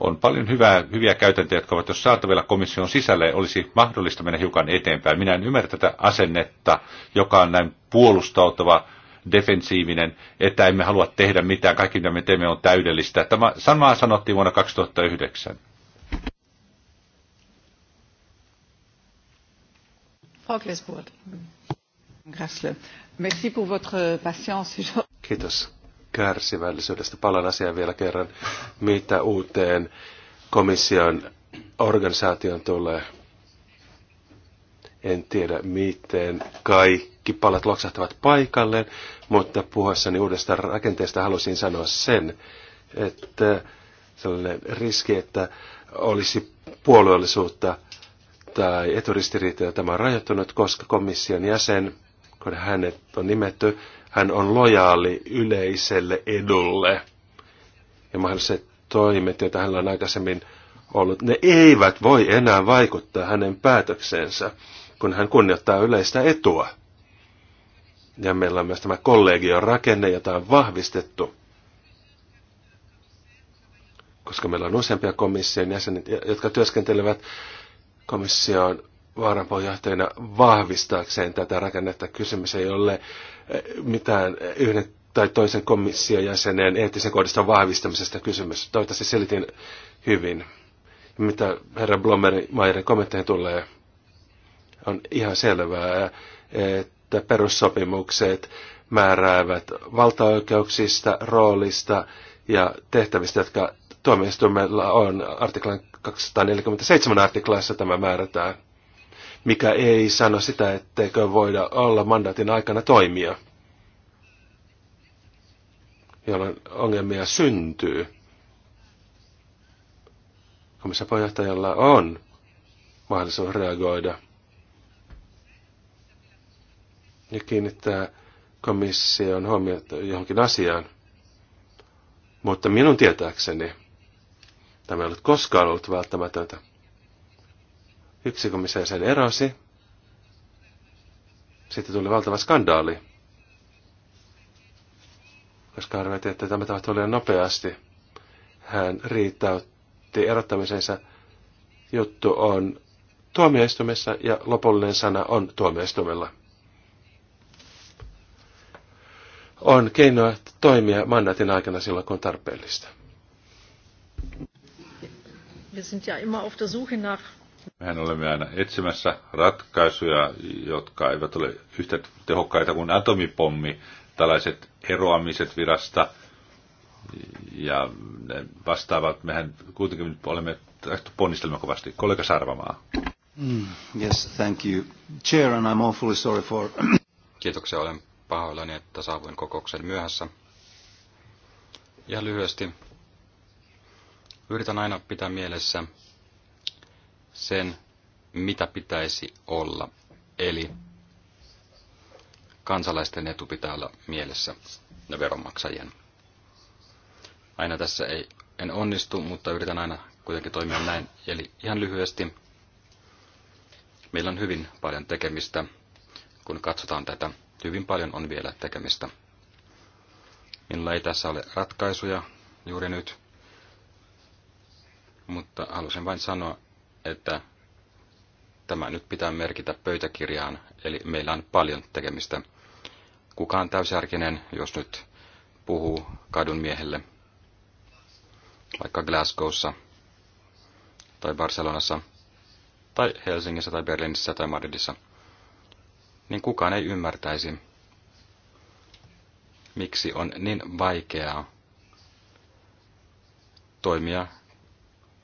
On paljon hyvää, hyviä käytäntöjä, jotka ovat jo saatavilla komission sisälle. Olisi mahdollista mennä hiukan eteenpäin. Minä en ymmärrä tätä asennetta, joka on näin puolustautuva defensiivinen, että emme halua tehdä mitään, kaikki mitä me teemme on täydellistä. Tämä samaa sanottiin vuonna 2009. Kiitos kärsivällisyydestä. Palaan asiaan vielä kerran, mitä uuteen komission organisaation tulee. En tiedä, miten kaikki palat loksahtavat paikalleen, mutta puhuessani uudesta rakenteesta halusin sanoa sen, että sellainen riski, että olisi puolueellisuutta tai eturistiriitoja tämä on rajoittunut, koska komission jäsen, kun hänet on nimetty, hän on lojaali yleiselle edulle. Ja mahdolliset toimet, joita hänellä on aikaisemmin ollut, ne eivät voi enää vaikuttaa hänen päätökseensä, kun hän kunnioittaa yleistä etua. Ja meillä on myös tämä kollegion rakenne, jota on vahvistettu, koska meillä on useampia komission jäsenet, jotka työskentelevät komission vaaranpohjohtajana vahvistaakseen tätä rakennetta. Kysymys ei ole eh, mitään yhden tai toisen komission jäsenen eettisen kohdiston vahvistamisesta kysymys. Toivottavasti selitin hyvin. Mitä herra Blommerin kommentteihin tulee, on ihan selvää, että että perussopimukset määräävät valtaoikeuksista, roolista ja tehtävistä, jotka tuomioistuimella on. Artiklan 247 artiklassa tämä määrätään, mikä ei sano sitä, etteikö voida olla mandaatin aikana toimia, jolloin ongelmia syntyy. Komissa puheenjohtajalla on mahdollisuus reagoida – ja kiinnittää komission huomiota johonkin asiaan. Mutta minun tietääkseni tämä ei ollut koskaan ollut välttämätöntä. Yksi komissio sen erosi. Sitten tuli valtava skandaali. Koska arvettiin, että tämä tapahtui liian nopeasti. Hän riittäytti erottamisensa. Juttu on tuomioistuimessa ja lopullinen sana on tuomioistumella. on keinoa toimia mandaatin aikana silloin, kun on tarpeellista. Mehän olemme aina etsimässä ratkaisuja, jotka eivät ole yhtä tehokkaita kuin atomipommi, tällaiset eroamiset virasta ja vastaavat. Mehän kuitenkin nyt olemme ponnistelemme kovasti. Kollega Sarvamaa. Mm, yes, thank you. Chair, and I'm awfully sorry for... Kiitoksia, olen Pahoillani, että saavuin kokouksen myöhässä. Ja lyhyesti. Yritän aina pitää mielessä sen, mitä pitäisi olla. Eli kansalaisten etu pitää olla mielessä ja veronmaksajien. Aina tässä ei, en onnistu, mutta yritän aina kuitenkin toimia näin. Eli ihan lyhyesti, meillä on hyvin paljon tekemistä, kun katsotaan tätä hyvin paljon on vielä tekemistä. Minulla ei tässä ole ratkaisuja juuri nyt, mutta halusin vain sanoa, että tämä nyt pitää merkitä pöytäkirjaan, eli meillä on paljon tekemistä. Kukaan täysjärkinen, jos nyt puhuu kadun miehelle, vaikka Glasgowssa tai Barcelonassa tai Helsingissä tai Berliinissä tai Madridissa – niin kukaan ei ymmärtäisi, miksi on niin vaikeaa toimia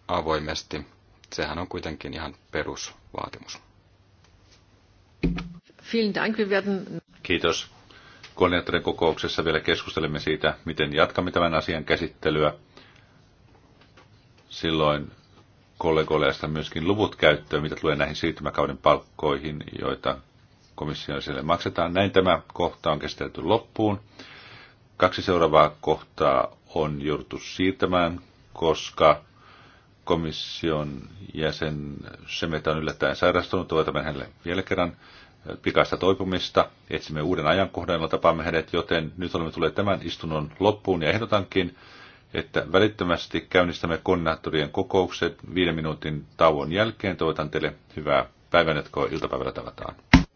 avoimesti. Sehän on kuitenkin ihan perusvaatimus. Kiitos. Koordinaattorin kokouksessa vielä keskustelemme siitä, miten jatkamme tämän asian käsittelyä. Silloin kollegoille myöskin luvut käyttöön, mitä tulee näihin siirtymäkauden palkkoihin, joita komissiaiselle maksetaan. Näin tämä kohta on käsitelty loppuun. Kaksi seuraavaa kohtaa on jouduttu siirtämään, koska komission jäsen Semeta on yllättäen sairastunut. Toivotamme hänelle vielä kerran pikaista toipumista. Etsimme uuden ajankohdan, jolla tapaamme hänet, joten nyt olemme tulleet tämän istunnon loppuun ja ehdotankin, että välittömästi käynnistämme koordinaattorien kokoukset viiden minuutin tauon jälkeen. Toivotan teille hyvää päivänjatkoa iltapäivällä tavataan.